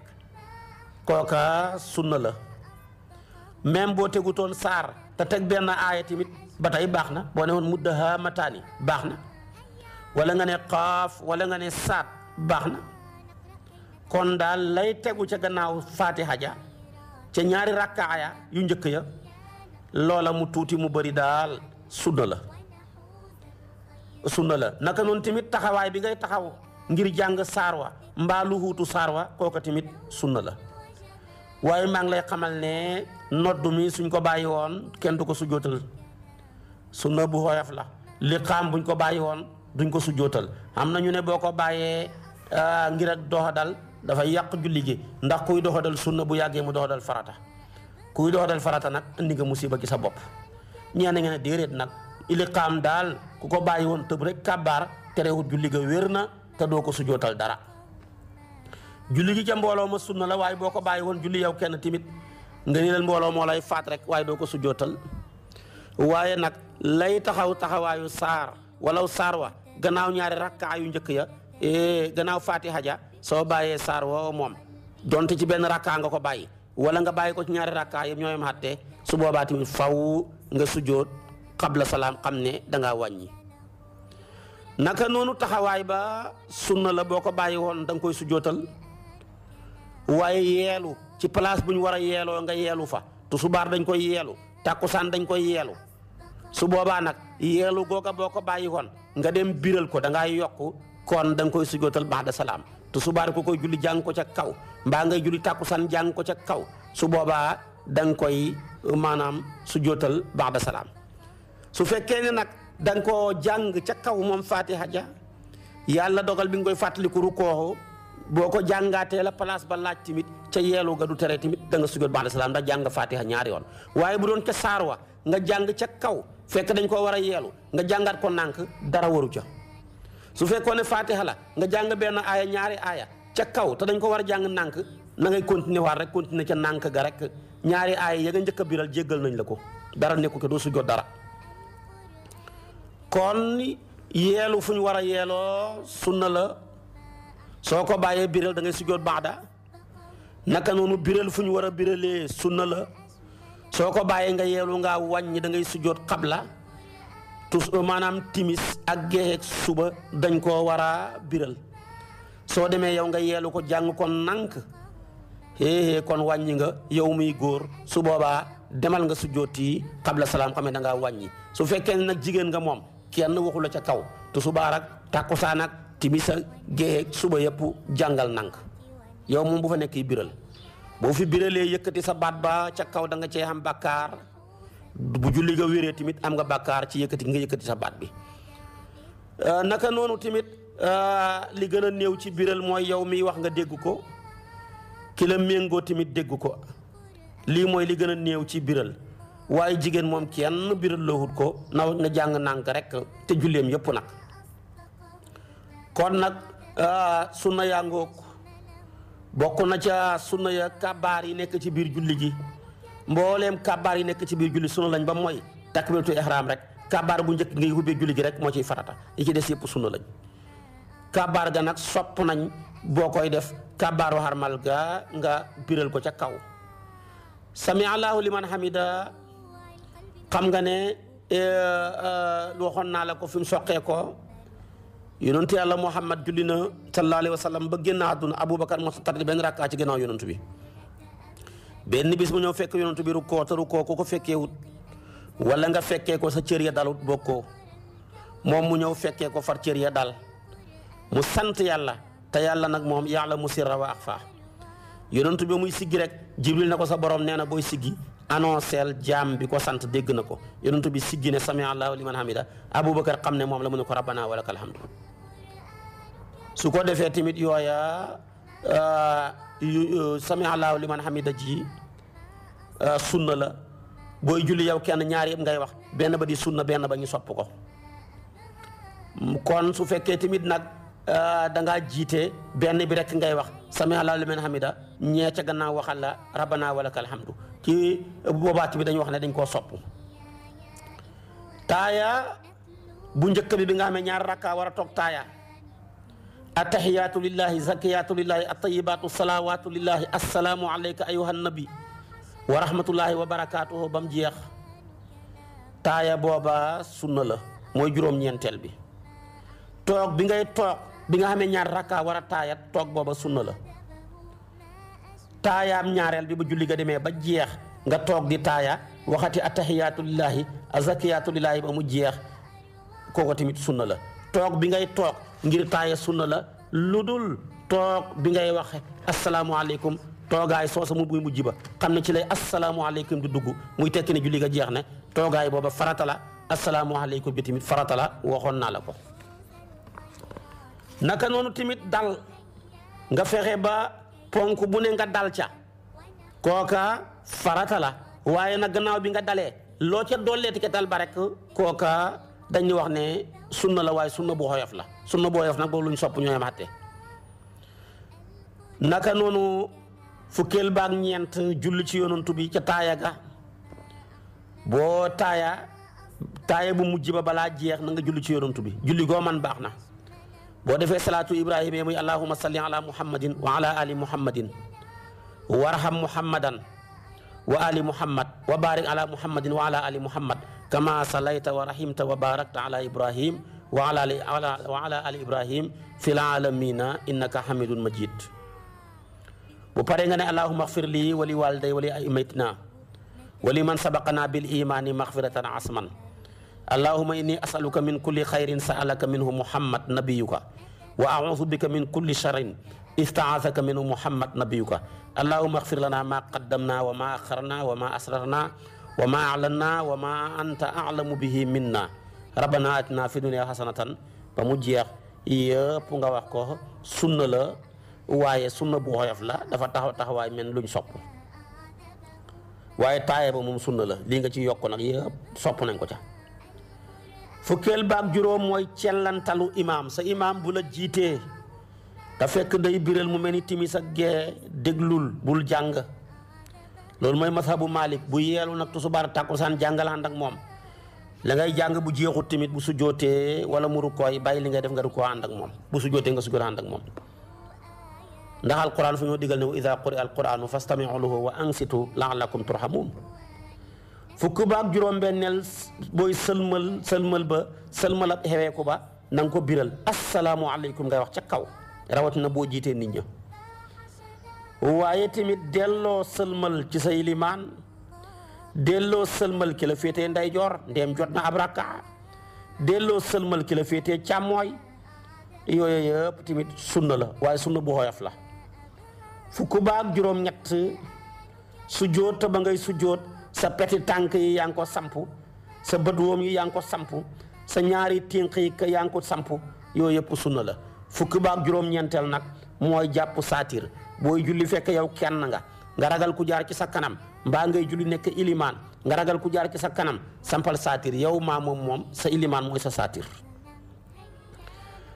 kooka sunna la même boo tegutoon saar te teg benn aaya tamit ba tey baax na boo ne woon muddahaamataani baax na wala nga ne qaaf wala nga ne saat baax na kon daal lay tegu ca gannaaw fatiha ja ca ñaari rakkaaya yu njëkk ya loola mu tuuti mu bari daal sunna la sunna la naka noonu tamit taxawaay bi ngay taxaw ngir jàng saar wa mbaa lu huutu saar wa kooka tamit sunna la waaye maa ngi lay xamal ne noddu mi suñ ko bàyyi woon kenn du ko sujjóotal sunna bu xoyof la liqaam buñ ko bàyyi woon duñ ko sujjóotal am na ñu ne boo ko bàyyee Euh, ngir doxa dal dafay yàq julli gi ndax kuy doxa doxadal sunna bu yàggee mu dal farata kuy doxadal farata nag indi nga musiba gi sa bopp ñee na nga ne déedéet nag iliqaam daal ku ko bàyyi woon tëb rek kàbbaar terewut julli ga wér na te doo ko sujootal dara julli gi mbooloo ma sunna la waaye boo ko bàyyi woon julli yow kenn timit nga mbooloo moo lay faat rek waaye doo ko sujootal waaye nag lay taxaw taxawaayu saar walaw saar wa gannaaw ñaari rakkaa yu njëkk ya E, ganaaw fatiha ja soo bàyyee saar woowa moom donte ci benn rakkaa nga ko bàyyi wala nga bàyyi ko ci ñaari rakkaa yëpp ñooyam xatte su boobaa tamit faw nga sujjoot xabla salaam xam ne danga wàññi naka noonu taxawaay ba sunna la boo ko bàyyi woon da koy sujjootal waaye yeelu ci place bu ñu war a yeeloo nga yeelu fa tusubaar dañ koy yeelu tàkkusaan dañ koy yeelu su boobaa nag yeelu googa boo ko bàyyi woon nga dem biral ko da ngaa yokk kon da nga koy sujootal ba'da salaam te subaar ko koy julli jàng ko ca kaw mbaa ngay julli tàkkusaan jàng ko ca kaw su boobaa da nga koy euh, maanaam sujootal ba'da salaam su fekkee ne nag danga nga jàng ca kaw moom fatiha ja yàlla dogal bi nga koy fàttaliku rukoo boo ko jàngaatee la place ba laaj ca yeelu ga tere tamit da nga sujjoot ba'da salaam ndax jàng fatiha ñaari yoon waaye bu doon ca saar wa nga jàng ca kaw fekk dañ koo war a yeelu nga jàngaat ko nànk dara waru ca su fekkoon ne faatiha la nga jàng benn aaya ñaari aaya ca kaw te dañ ko war a jàng nànk na ngay continuer waat rek continuer ca nànk ga rek ñaari aaya ya nga njëkk a biral jéggal nañ la ko dara nekku ko doo su jot dara kon yeelu fu ñu war a yeeloo sunna la soo ko bàyyee biral da ngay sujjoot baada naka noonu biral fu ñu war a biralee sunna la soo ko bàyyee nga yeelu ngaa wàññi da ngay sujjoot xabla tus maanaam timis ak geexeeg suba dañ koo war a biral soo demee yow nga yelu ko jàng ko nànk xéexée kon wàññi nga yow muy góor su boobaa demal nga sujjooti xabla salaam xam ne da wàññi su fekkee nag jigéen nga moom kenn waxu la ca kaw tu subaa ak tàkkusaan ak timis ak geexeeg suba yëpp jàngal nànk yow moom bu fa nekk biral boo fi biralee yëkkati sa baat baa ca kaw da nga cee am bàkkaar bu julli nga wéree tamit am nga bàkkaar ci yëkkati nga yëkkati sa baat bi euh, naka noonu tamit euh, li gën a néew ci biral mooy yow mi wax nga dégg ko ki la méngoo tamit dégg ko lii mooy li gën a néew ci biral waaye jigéen moom kenn biral looxut ko na na jàng nànk rek te julleem yépp nag kon nag euh, sunna yaa bokk na ca sunna ya kabaar yi nekk ci biir julli gi mbooleem kabaar yi nekk ci biir julli sunna lañ ba mooy takbiratu ihram rek kabaar bu njëkk ngay ubbee julli gi rek moo ciy farata yi ci des yëpp sunna lañ kabaar ga nag sopp nañ boo koy def kabaaru harmal ga nga biral ko ca kaw sami allahu liman hamida xam nga ne eh, eh, waxoon naa la ko fi mu soqee ko yonent yàlla muhammad julli na sallallahu alayhi wa sallam ba génn àdduna aboubacar moo sa tardi benn rakkaa ci gannaaw yonent bi benn bis mu ñëw fekk yonantu bi rukkoo te rukkoo ku ko fekkeewut wala nga fekkee ko sa cër ya dalut bokkoo moom mu ñëw fekkee ko far cër ya dal mu sant yàlla te yàlla nag moom yàlla mu sirra wa axfa yonantu bi muy siggi rek jibril na ko sa borom nee na booy siggi annonceel jaam bi ko sant dégg na ko yonantu bi siggi ne sami allahu liman hamida aboubacar xam ne moom la mu ne ko rabbana walakal hamdu su ko defee tamit yooya sami allahu liman hamida ji uh, sunna la booy julli yow kenn ñaar yëpp ngay wax benn ba di sunna benn ba ñu sopp ko mm, kon su fekkee tamit nag uh, da jiite benn bi rek ngay wax sami allahu liman hamida ñee ca gannaaw waxal la rabbana walakal hamdu ci boobaa tamit dañu wax ne dañ koo sopp taaya bu njëkk bi bi nga xamee ñaar rakka war a toog taaya attahiyaatu lillahi zakiyaatu lillahi attayibaatu salawaatu lillahi assalaamu alayka ayuha nabi wa rahmatullahi wa barakaatuhu jeex taaya booba sunna la mooy juróom-ñeenteel bi toog bi ngay toog bi nga xamee ñaar rakka war taaya toog booba sunna la taayam ñaareel bi bu julli ga demee ba jeex nga toog di taaya waxati attahiyaatu lillahi azakiyaatu lillahi ba mu jeex kooku tamit sunna la toog bi ngay toog ngir taaye sunna la lu dul toog bi ngay wax asalaamaaleykum toogaay soosa mu muy mujj ba xam ne ci lay asalaamaaleykum du dugg muy tekki ne julli ga jeex ne toogaay booba farata la asalaamaaleykum bi tamit farata waxoon naa la ko naka noonu tamit dal nga fexe ba ponk bu ne nga dal ca kooka farata waaye nag gannaaw bi nga dalee loo ca dolleeti ca dal ba rek kooka dañuy wax ne sunna la waaye sunna bu xoyof la sunna boo def nag boobu lu ñu sopp ñooyam xatte naka noonu fukkeel baak ñeent julli ci yonantu bi ca taaya ga boo taaya taaya bu mujj ba balaa jeex na nga julli ci yonantu bi julli goo man baax na boo defee salaatu ibrahima yi muy allahuma salli ala muhammadin wa ala ali muhammadin warham muhammadan wa ali muhammad wa barik ala muhammadin wa ala ali muhammad kama salayta wa rahimta wa barakta ala ibrahim wa ala ali wa ala ali ibrahim fil alamina innaka hamidun majid bu paree nga ne allahuma xfir lii wali waliday wali aimatina wali man sabaqana bil imani maxfiratan asman allahuma inni asaluka min kulli xayrin saalaka minhu muhammad nabiyuka wa audu bika min kulli charin istaasaka minhu muhammad nabiyuka allahuma xfir lana ma qaddamna wa ma axarna wa ma asrarna wa ma alanna wa ma anta alamu bihi minna rabbana naa fi dunya xasanatan ba mu jeex yëpp nga wax ko sunna la waaye sunna bu xoyof la dafa taxaw taxawaay men luñ sopp waaye taaye ba moom sunna la lii nga ci yokk nag yëpp sopp nañ ko ca fukkeel baag juróom mooy cellantalu imaam sa imaam bu la jiitee te fekk day biral mu mel ni timis ak gee déglul bul jàng loolu mooy mazhabu Malik bu yeelu nag tusubaar tàkkusaan jàngal ànd ak moom la ngay jàng bu jeexut tamit bu sujjootee wala mu rukkooy bàyyi li ngay def nga rukkoo ànd ak moom bu sujjootee nga sujjoot ànd ak moom ndax alquran fu ñoo digal ne wa ida quri alquranu fastamiu lahu wa ansitu laallakum turhamun fukk ba ak juróom-benneel booy sëlmal sëlmal ba sëlmal ab xeweeku ba na nga ko biral asalaamualeykum ngay wax ca kaw rawatina boo jiitee nit ña waaye tamit delloo sëlmal ci say limaan delloo sëlmal ki la ndeyjoor ndem jot na ab rakka delloo sëlmal ki la féetee càmmooy yooyu yëpp tamit sunna la waaye sunna bu xoyof la fukk ba ak juróom-ñett sujjóot te ba ngay sujjóot sa peti tànk yi yaa ngi samp sa bët woom yi yaa ngi samp sa ñaari tinq yi yaa ngi ko samp yooyu yëpp sunna la fukk ba juróom-ñeenteel nag mooy jàpp saatir booy julli fekk yow kenn nga nga ragal ku jaar ci sa kanam mbaa ngay julli nekk ilimaan nga ragal ku jaar ci sa kanam sampal saatir yow maa moom moom sa ilimaan mooy sa saatir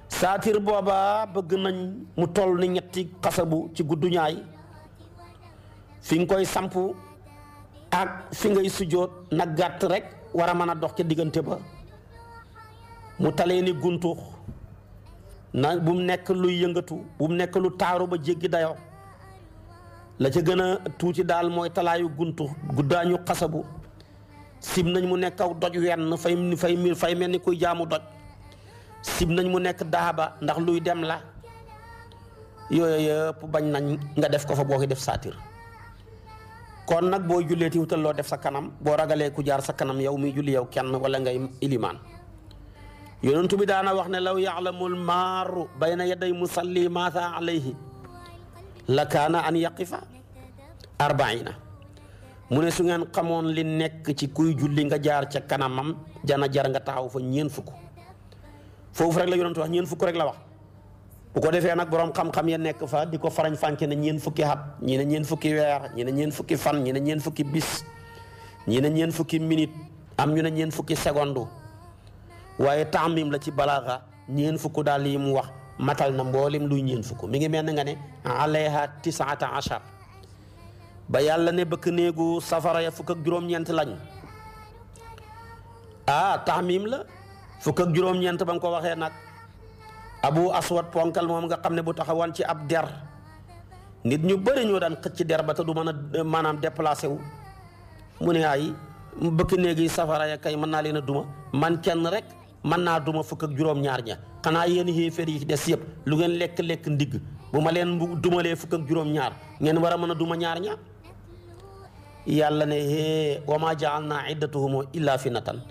saatir booba bëgg nañ mu toll ni ñetti xasabu ci guddu ñaay fi nga koy samp ak fi ngay sujjóot nag gàtt rek war a mën a dox ca diggante ba mu talee ni guntux na bu mu nekk luy yëngatu bu mu nekk lu taaru ba jéggi dayoo la ca gën a tuuti daal mooy talaayu guntu guddaañu xasabu sib nañ mu nekk doj wenn fay fay mil fay mel ni kuy jaamu doj sib nañ mu nekk daaba ndax luy dem la yooyu yëpp bañ nañ nga def ko fa boo koy def saatir kon nag boo jullee ti wutal loo def sa kanam boo ragalee ku jaar sa kanam yow muy julli yow kenn wala ngay ilimaan yonentu bi daana wax ne law yaalamul maaru bayna yaday musalli maasa alayhi la kaana an yaqifa arbaina mu ne su ngeen xamoon li nekk ci kuy julli nga jaar ca kanamam jana jar nga taxaw fa ñeen fukk foofu rek la yonent wax ñeen fukk rek la wax bu ko defee nag boroom xam-xam ya nekk fa di ko farañ fànke ne ñeen fukki at ñi ñeen fukki weer ñeen fukki fan ñi ne ñeen fukki bis ñi ne ñeen fukki minit am ñu ne ñeen fukki seconde waaye taamim la ci balaaxa ñeen fukk daal yi mu wax matal na mboolim luy ñeen fukk mi ngi mel ne nga ne alayha tisaata achar ba yàlla ne bëkk néegu safara ya fukk ak juróom-ñeent lañ ah taxmiim la fukk ak juróom-ñeent ba nga ko waxee nag abu aswad ponkal moom nga xam ne bu taxawoon ci ab der nit ñu bëri ñoo daan xëcc der ba te du mën a maanaam déplacé wu mu ne ay bëkk néegi safara ya kay mën naa leen a duma man kenn rek man naa duma fukk ak juróom-ñaar ña xanaa yéen xéeféer yi ci des yëpp lu ngeen lekk-lekk ndigg bu ma leen dumalee fukk ak juróom-ñaar ngeen war a mën a duma ñaar ña yàlla ne hee wa maa jaal naa illa fi fitnatan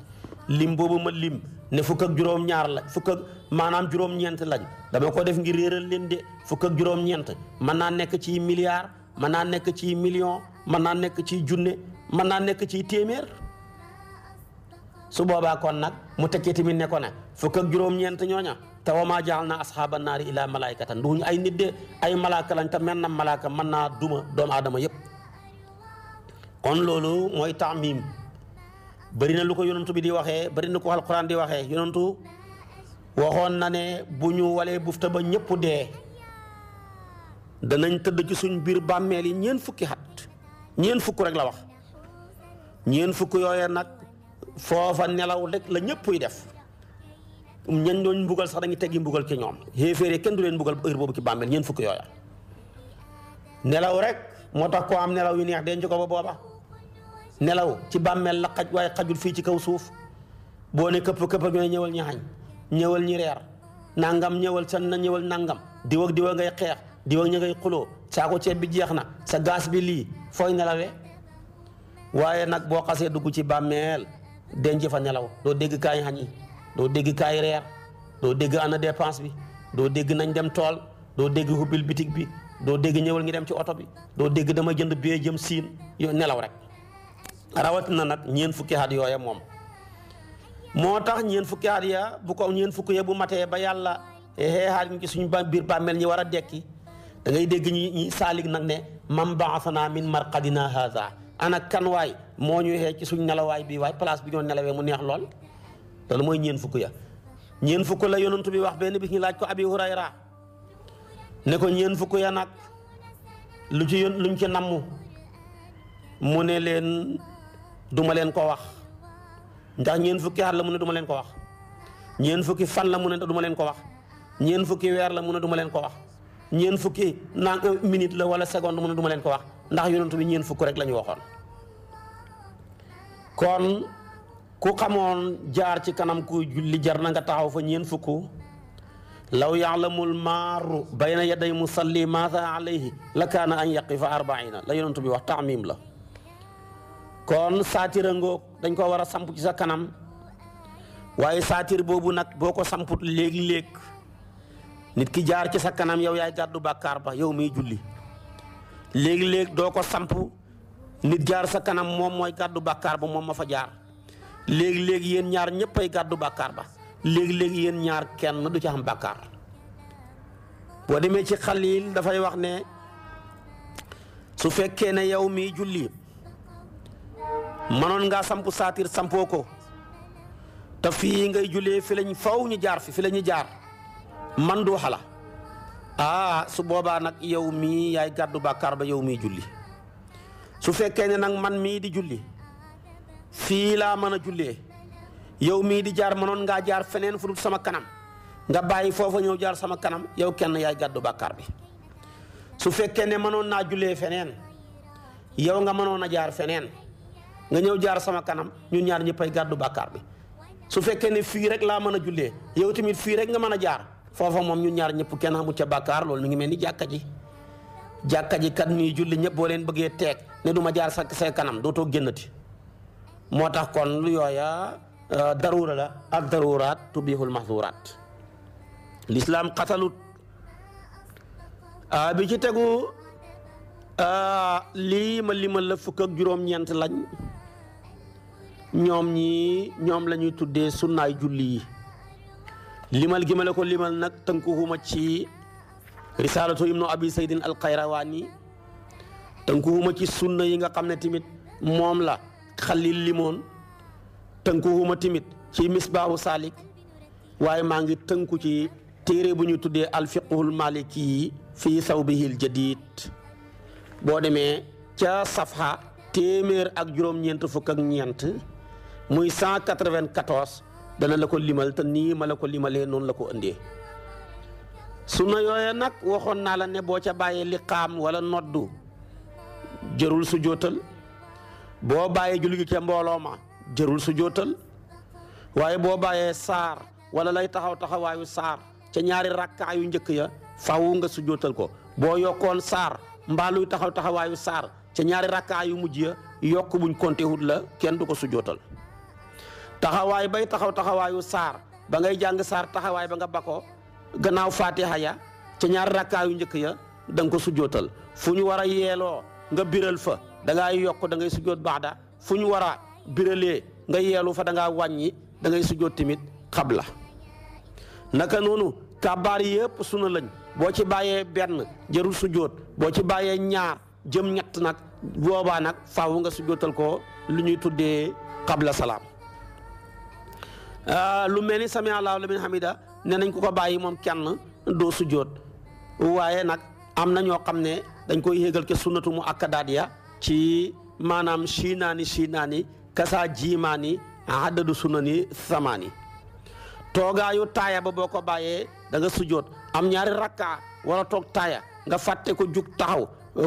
lim boobu ma lim ne fukk ak juróom-ñaar la fukk ak maanaam juróom-ñeent lañ dama ko def ngir réeral leen de fukk ak juróom-ñeent mën naa nekk ci milliard mën naa nekk ci million mën naa nekk ci junne mën naa nekk ci téeméer su boobaa kon nag mu tekkee tamit ne ko fukk ak juróom-ñeent ñooña te wa maa jaal naa asxaaba naari ilaa malaayikatan ay nit de ay malaaka lañ te na malaaka mën naa duma doomu aadama yëpp kon loolu mooy taamim bëri na lu ko yonantu bi di waxee bëri na ko alquran di waxee yonantu waxoon na ne bu ñu walee bufta ba ñépp dee danañ tëdd ci suñ biir bàmmeel yi ñeen fukki xat ñeen fukk rek la wax ñeen fukk yooyee nag foofa nelaw rek la ñëppuy def ñen doon mbugal sax dañuy teggi mbugal ci ñoom xéeféere kenn du leen mbugal heure boobu ci bàmmeel ñeen fukki yooya nelaw rek moo tax koo am nelaw yu neex den ko ba booba nelaw ci bàmmeel la xaj waaye xajul fii ci kaw suuf boo ne këpp këpp ñooy ñëwal ñi xañ ñëwal ñi reer nangam ñëwal san na ñëwal nangam diw ak diw ngay xeex diw ak ña saako ceeb bi jeex na sa gaz bi lii fooy nelawee waaye nag boo xasee dugg ci bàmmeel denc fa nelaw doo dégg kaay xañ doo dégg kaay reer doo dégg ana dépense bi doo dégg nañ dem tool doo dégg hubbil bitik bi doo dégg ñëwal ñu dem ci oto bi doo dégg dama jënd bee jëm siin yo nelaw rek rawat na nag ñeen fukki at yooya moom moo tax ñeen fukki at ya bu ko ñeen fukki ya bu matee ba yàlla xeexaat eh, eh, ñu ci suñu ba biir bàmmeel ñi war a dekki da ngay dégg ñi ñi saalig nag ne man baasana min marqadina haza ana kan waay moo ñu xee ci suñ nelawaay bii waay place bi ñoo nelawee mu neex lool loolu mooy ñeen fukk ya ñeen fukk la yonantu bi wax benn bis ñu laaj ko abi hurayra ne ko ñeen fukk ya lu ci luñ ci namm mu ne leen duma leen ko wax ndax ñeen fukki at la mu ne duma leen ko wax ñeen fukki fan la mu ne duma leen ko wax ñeen fukki weer la mu a duma leen ko wax ñeen fukki naan minute la wala seconde mu ne duma leen ko wax ndax yonent bi ñeen fukk rek la ñu waxoon kon ku xamoon jaar ci kanam ku julli jar na nga taxaw fa ñeen fukk law yaalamul maaru bayna yaday musalli maasa alayhi la kaana an yaqifa arbaina la yonent bi wax taamim la kon saatir ngoog dañ koo war a samp ci sa kanam waaye saatir boobu nag boo ko sampu léegi-léeg nit ki jaar ci sa kanam yow yaay gàddu bàkkaar ba yow miy julli léegi léeg doo ko samp nit jaar sa kanam moom mooy gàddu bàkkaar ba moom ma fa jaar léegi léeg yéen ñaar ñëpp ay gàddu bàkkaar ba léegi-léegi yéen ñaar kenn du ci am bàkkaar boo demee ci xaliil dafay wax ne su fekkee ne yow mi julli mënoon ngaa samp saatiir sampoo ko te fii ngay jullee fi lañ faw ñu jaar fi fi la ñu jaar man du xala ah su boobaa nag yow mii yaay gàddu bàkkaar ba yow mii julli su fekkee ne nag man mii di julli fii laa mën a jullee yow mii di jaar mënoon ngaa jaar feneen fu dul sama kanam nga bàyyi foofa ñëw jaar sama kanam yow kenn yaay gàddu bàkkaar bi su fekkee ne mënoon naa jullee feneen yow nga mënoon a jaar feneen nga ñëw jaar sama kanam ñun ñaar ñëppay gàddu bàkkaar bi su fekkee ne fii rek laa mën a jullee yow tamit fii rek nga mën a jaar. foofa moom ñu ñaar ñëpp kenn xamul ca bàkkaar loolu mi ngi mel ni jàkka ji jàkka ji kat ñuy julli ñëpp boo leen bëggee teeg ne du ma jaar sa say kanam dootoo génnati moo tax kon lu yooya euh, daruura la ak daruuraat tubihul mahzuraat lislaam a ah, bi ci tegu ah, lii ma limal la juróom-ñeent lañ ñoom ñi ñoom lañuy tuddee sunnaay julli yi limal gimale ko limal nag tënkuwuma ci risalatu ibnu abi saydin alxayrawaani tënkuwuma ci sunna yi nga xam ne tamit moom la xalil limoon tënkuwuma tamit ci misbaahu salik waaye maa ngi tënku ci téere bu ñu tuddee alfiqhul maliki yi fii sawbihil jadid boo demee ca safha téeméer ak juróom-ñeent fukk ak ñeent muy 194 dana la ko limal te nii ma la ko limalee noonu la ko indee sunna yooya nag waxoon naa la ne boo ca bàyyee liqaam wala noddu jërul su jootal boo bàyyee julli gi ca mbooloo ma jërul su jootal waaye boo bàyyee saar wala lay taxaw taxawaayu saar ca ñaari rakkaa yu njëkk ya faaw nga su jootal ko boo yokkoon saar mbaa luy taxaw taxawaayu saar ca ñaari rakkaa yu mujj ya yokk buñ konte la kenn du ko su jootal taxawaay bay taxaw taxawaayu saar ba ngay jàng saar taxawaay ba nga bako gannaaw fatiha ca ñaar rakkaayu njëkk ya danga nga ko sujjootal fu ñu war a yeeloo nga biral fa danga yokk da ngay baax da fu ñu war a biralee nga yeelu fa danga wàññi dangay ngay sujjoot tamit xabla naka noonu kàbbaar yëpp sunu lañ boo ci bàyyee benn jarul sujjoot boo ci bàyyee ñaar jëm ñett nag boobaa nag faaw nga sujjootal ko lu ñuy tuddee xabla salaam Euh, lu mel ni sami allahu liman hamida ne nañ ko ko bàyyi moom kenn doo sujjóot waaye nag am na ñoo xam ne dañ koy yéegal ke sunnatu mu akkadaat ya ci maanaam chinaani chinaani kasa jiimaani haddadu sunani samaani toogaayu taaya ba boo ko bàyyee da nga am ñaari rakka wala toog taaya nga fàtte ko jug taxaw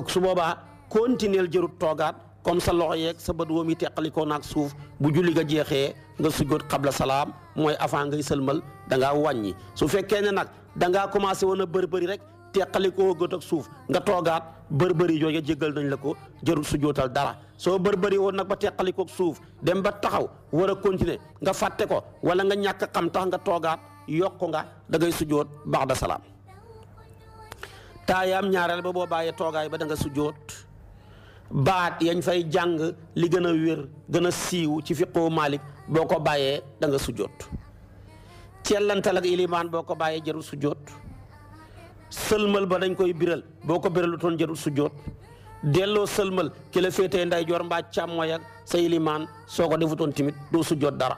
su boobaa continuer jërut toogaat comme sa loxo yeeg sa bët woom yi teqalikoo naag suuf bu julli ga jeexee nga sujjóot xabla salaam mooy avant ngay sëlmal danga ngaa wàññi su fekkee ne nag da ngaa commencé woon a bërbëri rek teqali koo ak suuf nga toogaat bërbëri jooja jéggal nañ la ko jarul sujjóotal dara soo bërbëri woon nag ba teqali kook suuf dem ba taxaw wara a nga fàtte ko wala nga ñàkk xam tax nga toogaat yokku nga da ngay sujjóot ba'da salaam taayaam ñaareel ba boo bàyyee toogaay ba da nga sujjóot baat yañ fay jàng li gën a wér gën a siiw ci fiqoo Malik boo ko bàyyee danga nga sujjoot cellantal ak ilimaan boo ko bàyyee jarul sujjoot sëlmal ba dañ koy biral boo ko toon jarul sujjoot delloo sëlmal ki la féetee nday joor mbaa càmmooy ak se ilimaan soo ko defutoon tamit doo sujjoot dara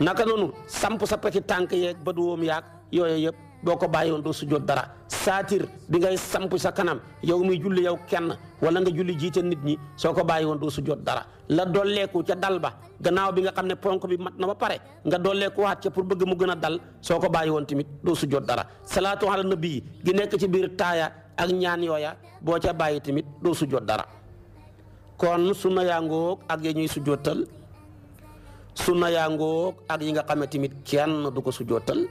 naka noonu samp sa peti tànk yeeg ba du duwoom yaag yooyu yëpp boo ko bàyyi woon doo sujjoot dara saatir bi ngay samp sa kanam yow mi julli yow kenn walla nga julli jiite nit ñi soo ko bàyyi woon doo sujjoot dara la dolleeku ca dal ba gannaaw bi nga xam ne ponk bi mat na ba pare nga dolleeku waat ca pour bëgg mu gën a dal soo ko bàyyi woon tamit doo sujjoot dara salaatu ala nabi gi nekk ci biir taaya ak ñaan yooya boo ca bàyyi tamit doo sujjoot dara kon sunna yaa ngoog ak ya ñuy sujjootal sunna yaa ngoog ak yi nga xam ne tamit kenn du ko sujjootal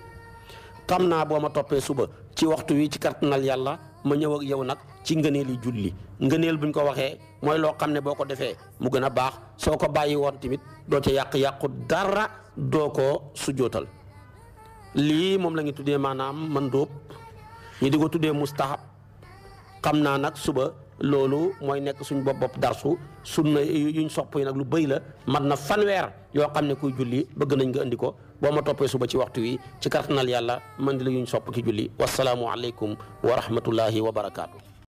xam naa boo ma toppee suba ci waxtu wi ci kattanal yàlla ma ñëw ak yow nag ci ngëneelu julli ngëneel buñ ko waxee mooy loo xam ne boo ko defee mu gën a baax soo ko bàyyi woon tamit doo ca yàq-yàqu dara doo ko sujjootal lii moom la ñu tuddee maanaam mandóob ñu di ko tuddee mustahab xam naa nag suba loolu mooy nekk suñ bopp bopp darsu sunna yuñ sopp yi nag lu bëri la mat na fanweer yoo xam ne kuy julli bëgg nañ nga indi ko boo ma toppee suba ci waxtu wi ci kartanal yàlla man di la yuñ sopp ki julli wasalaamu aleykum wa rahmatullahi wa barakaatu.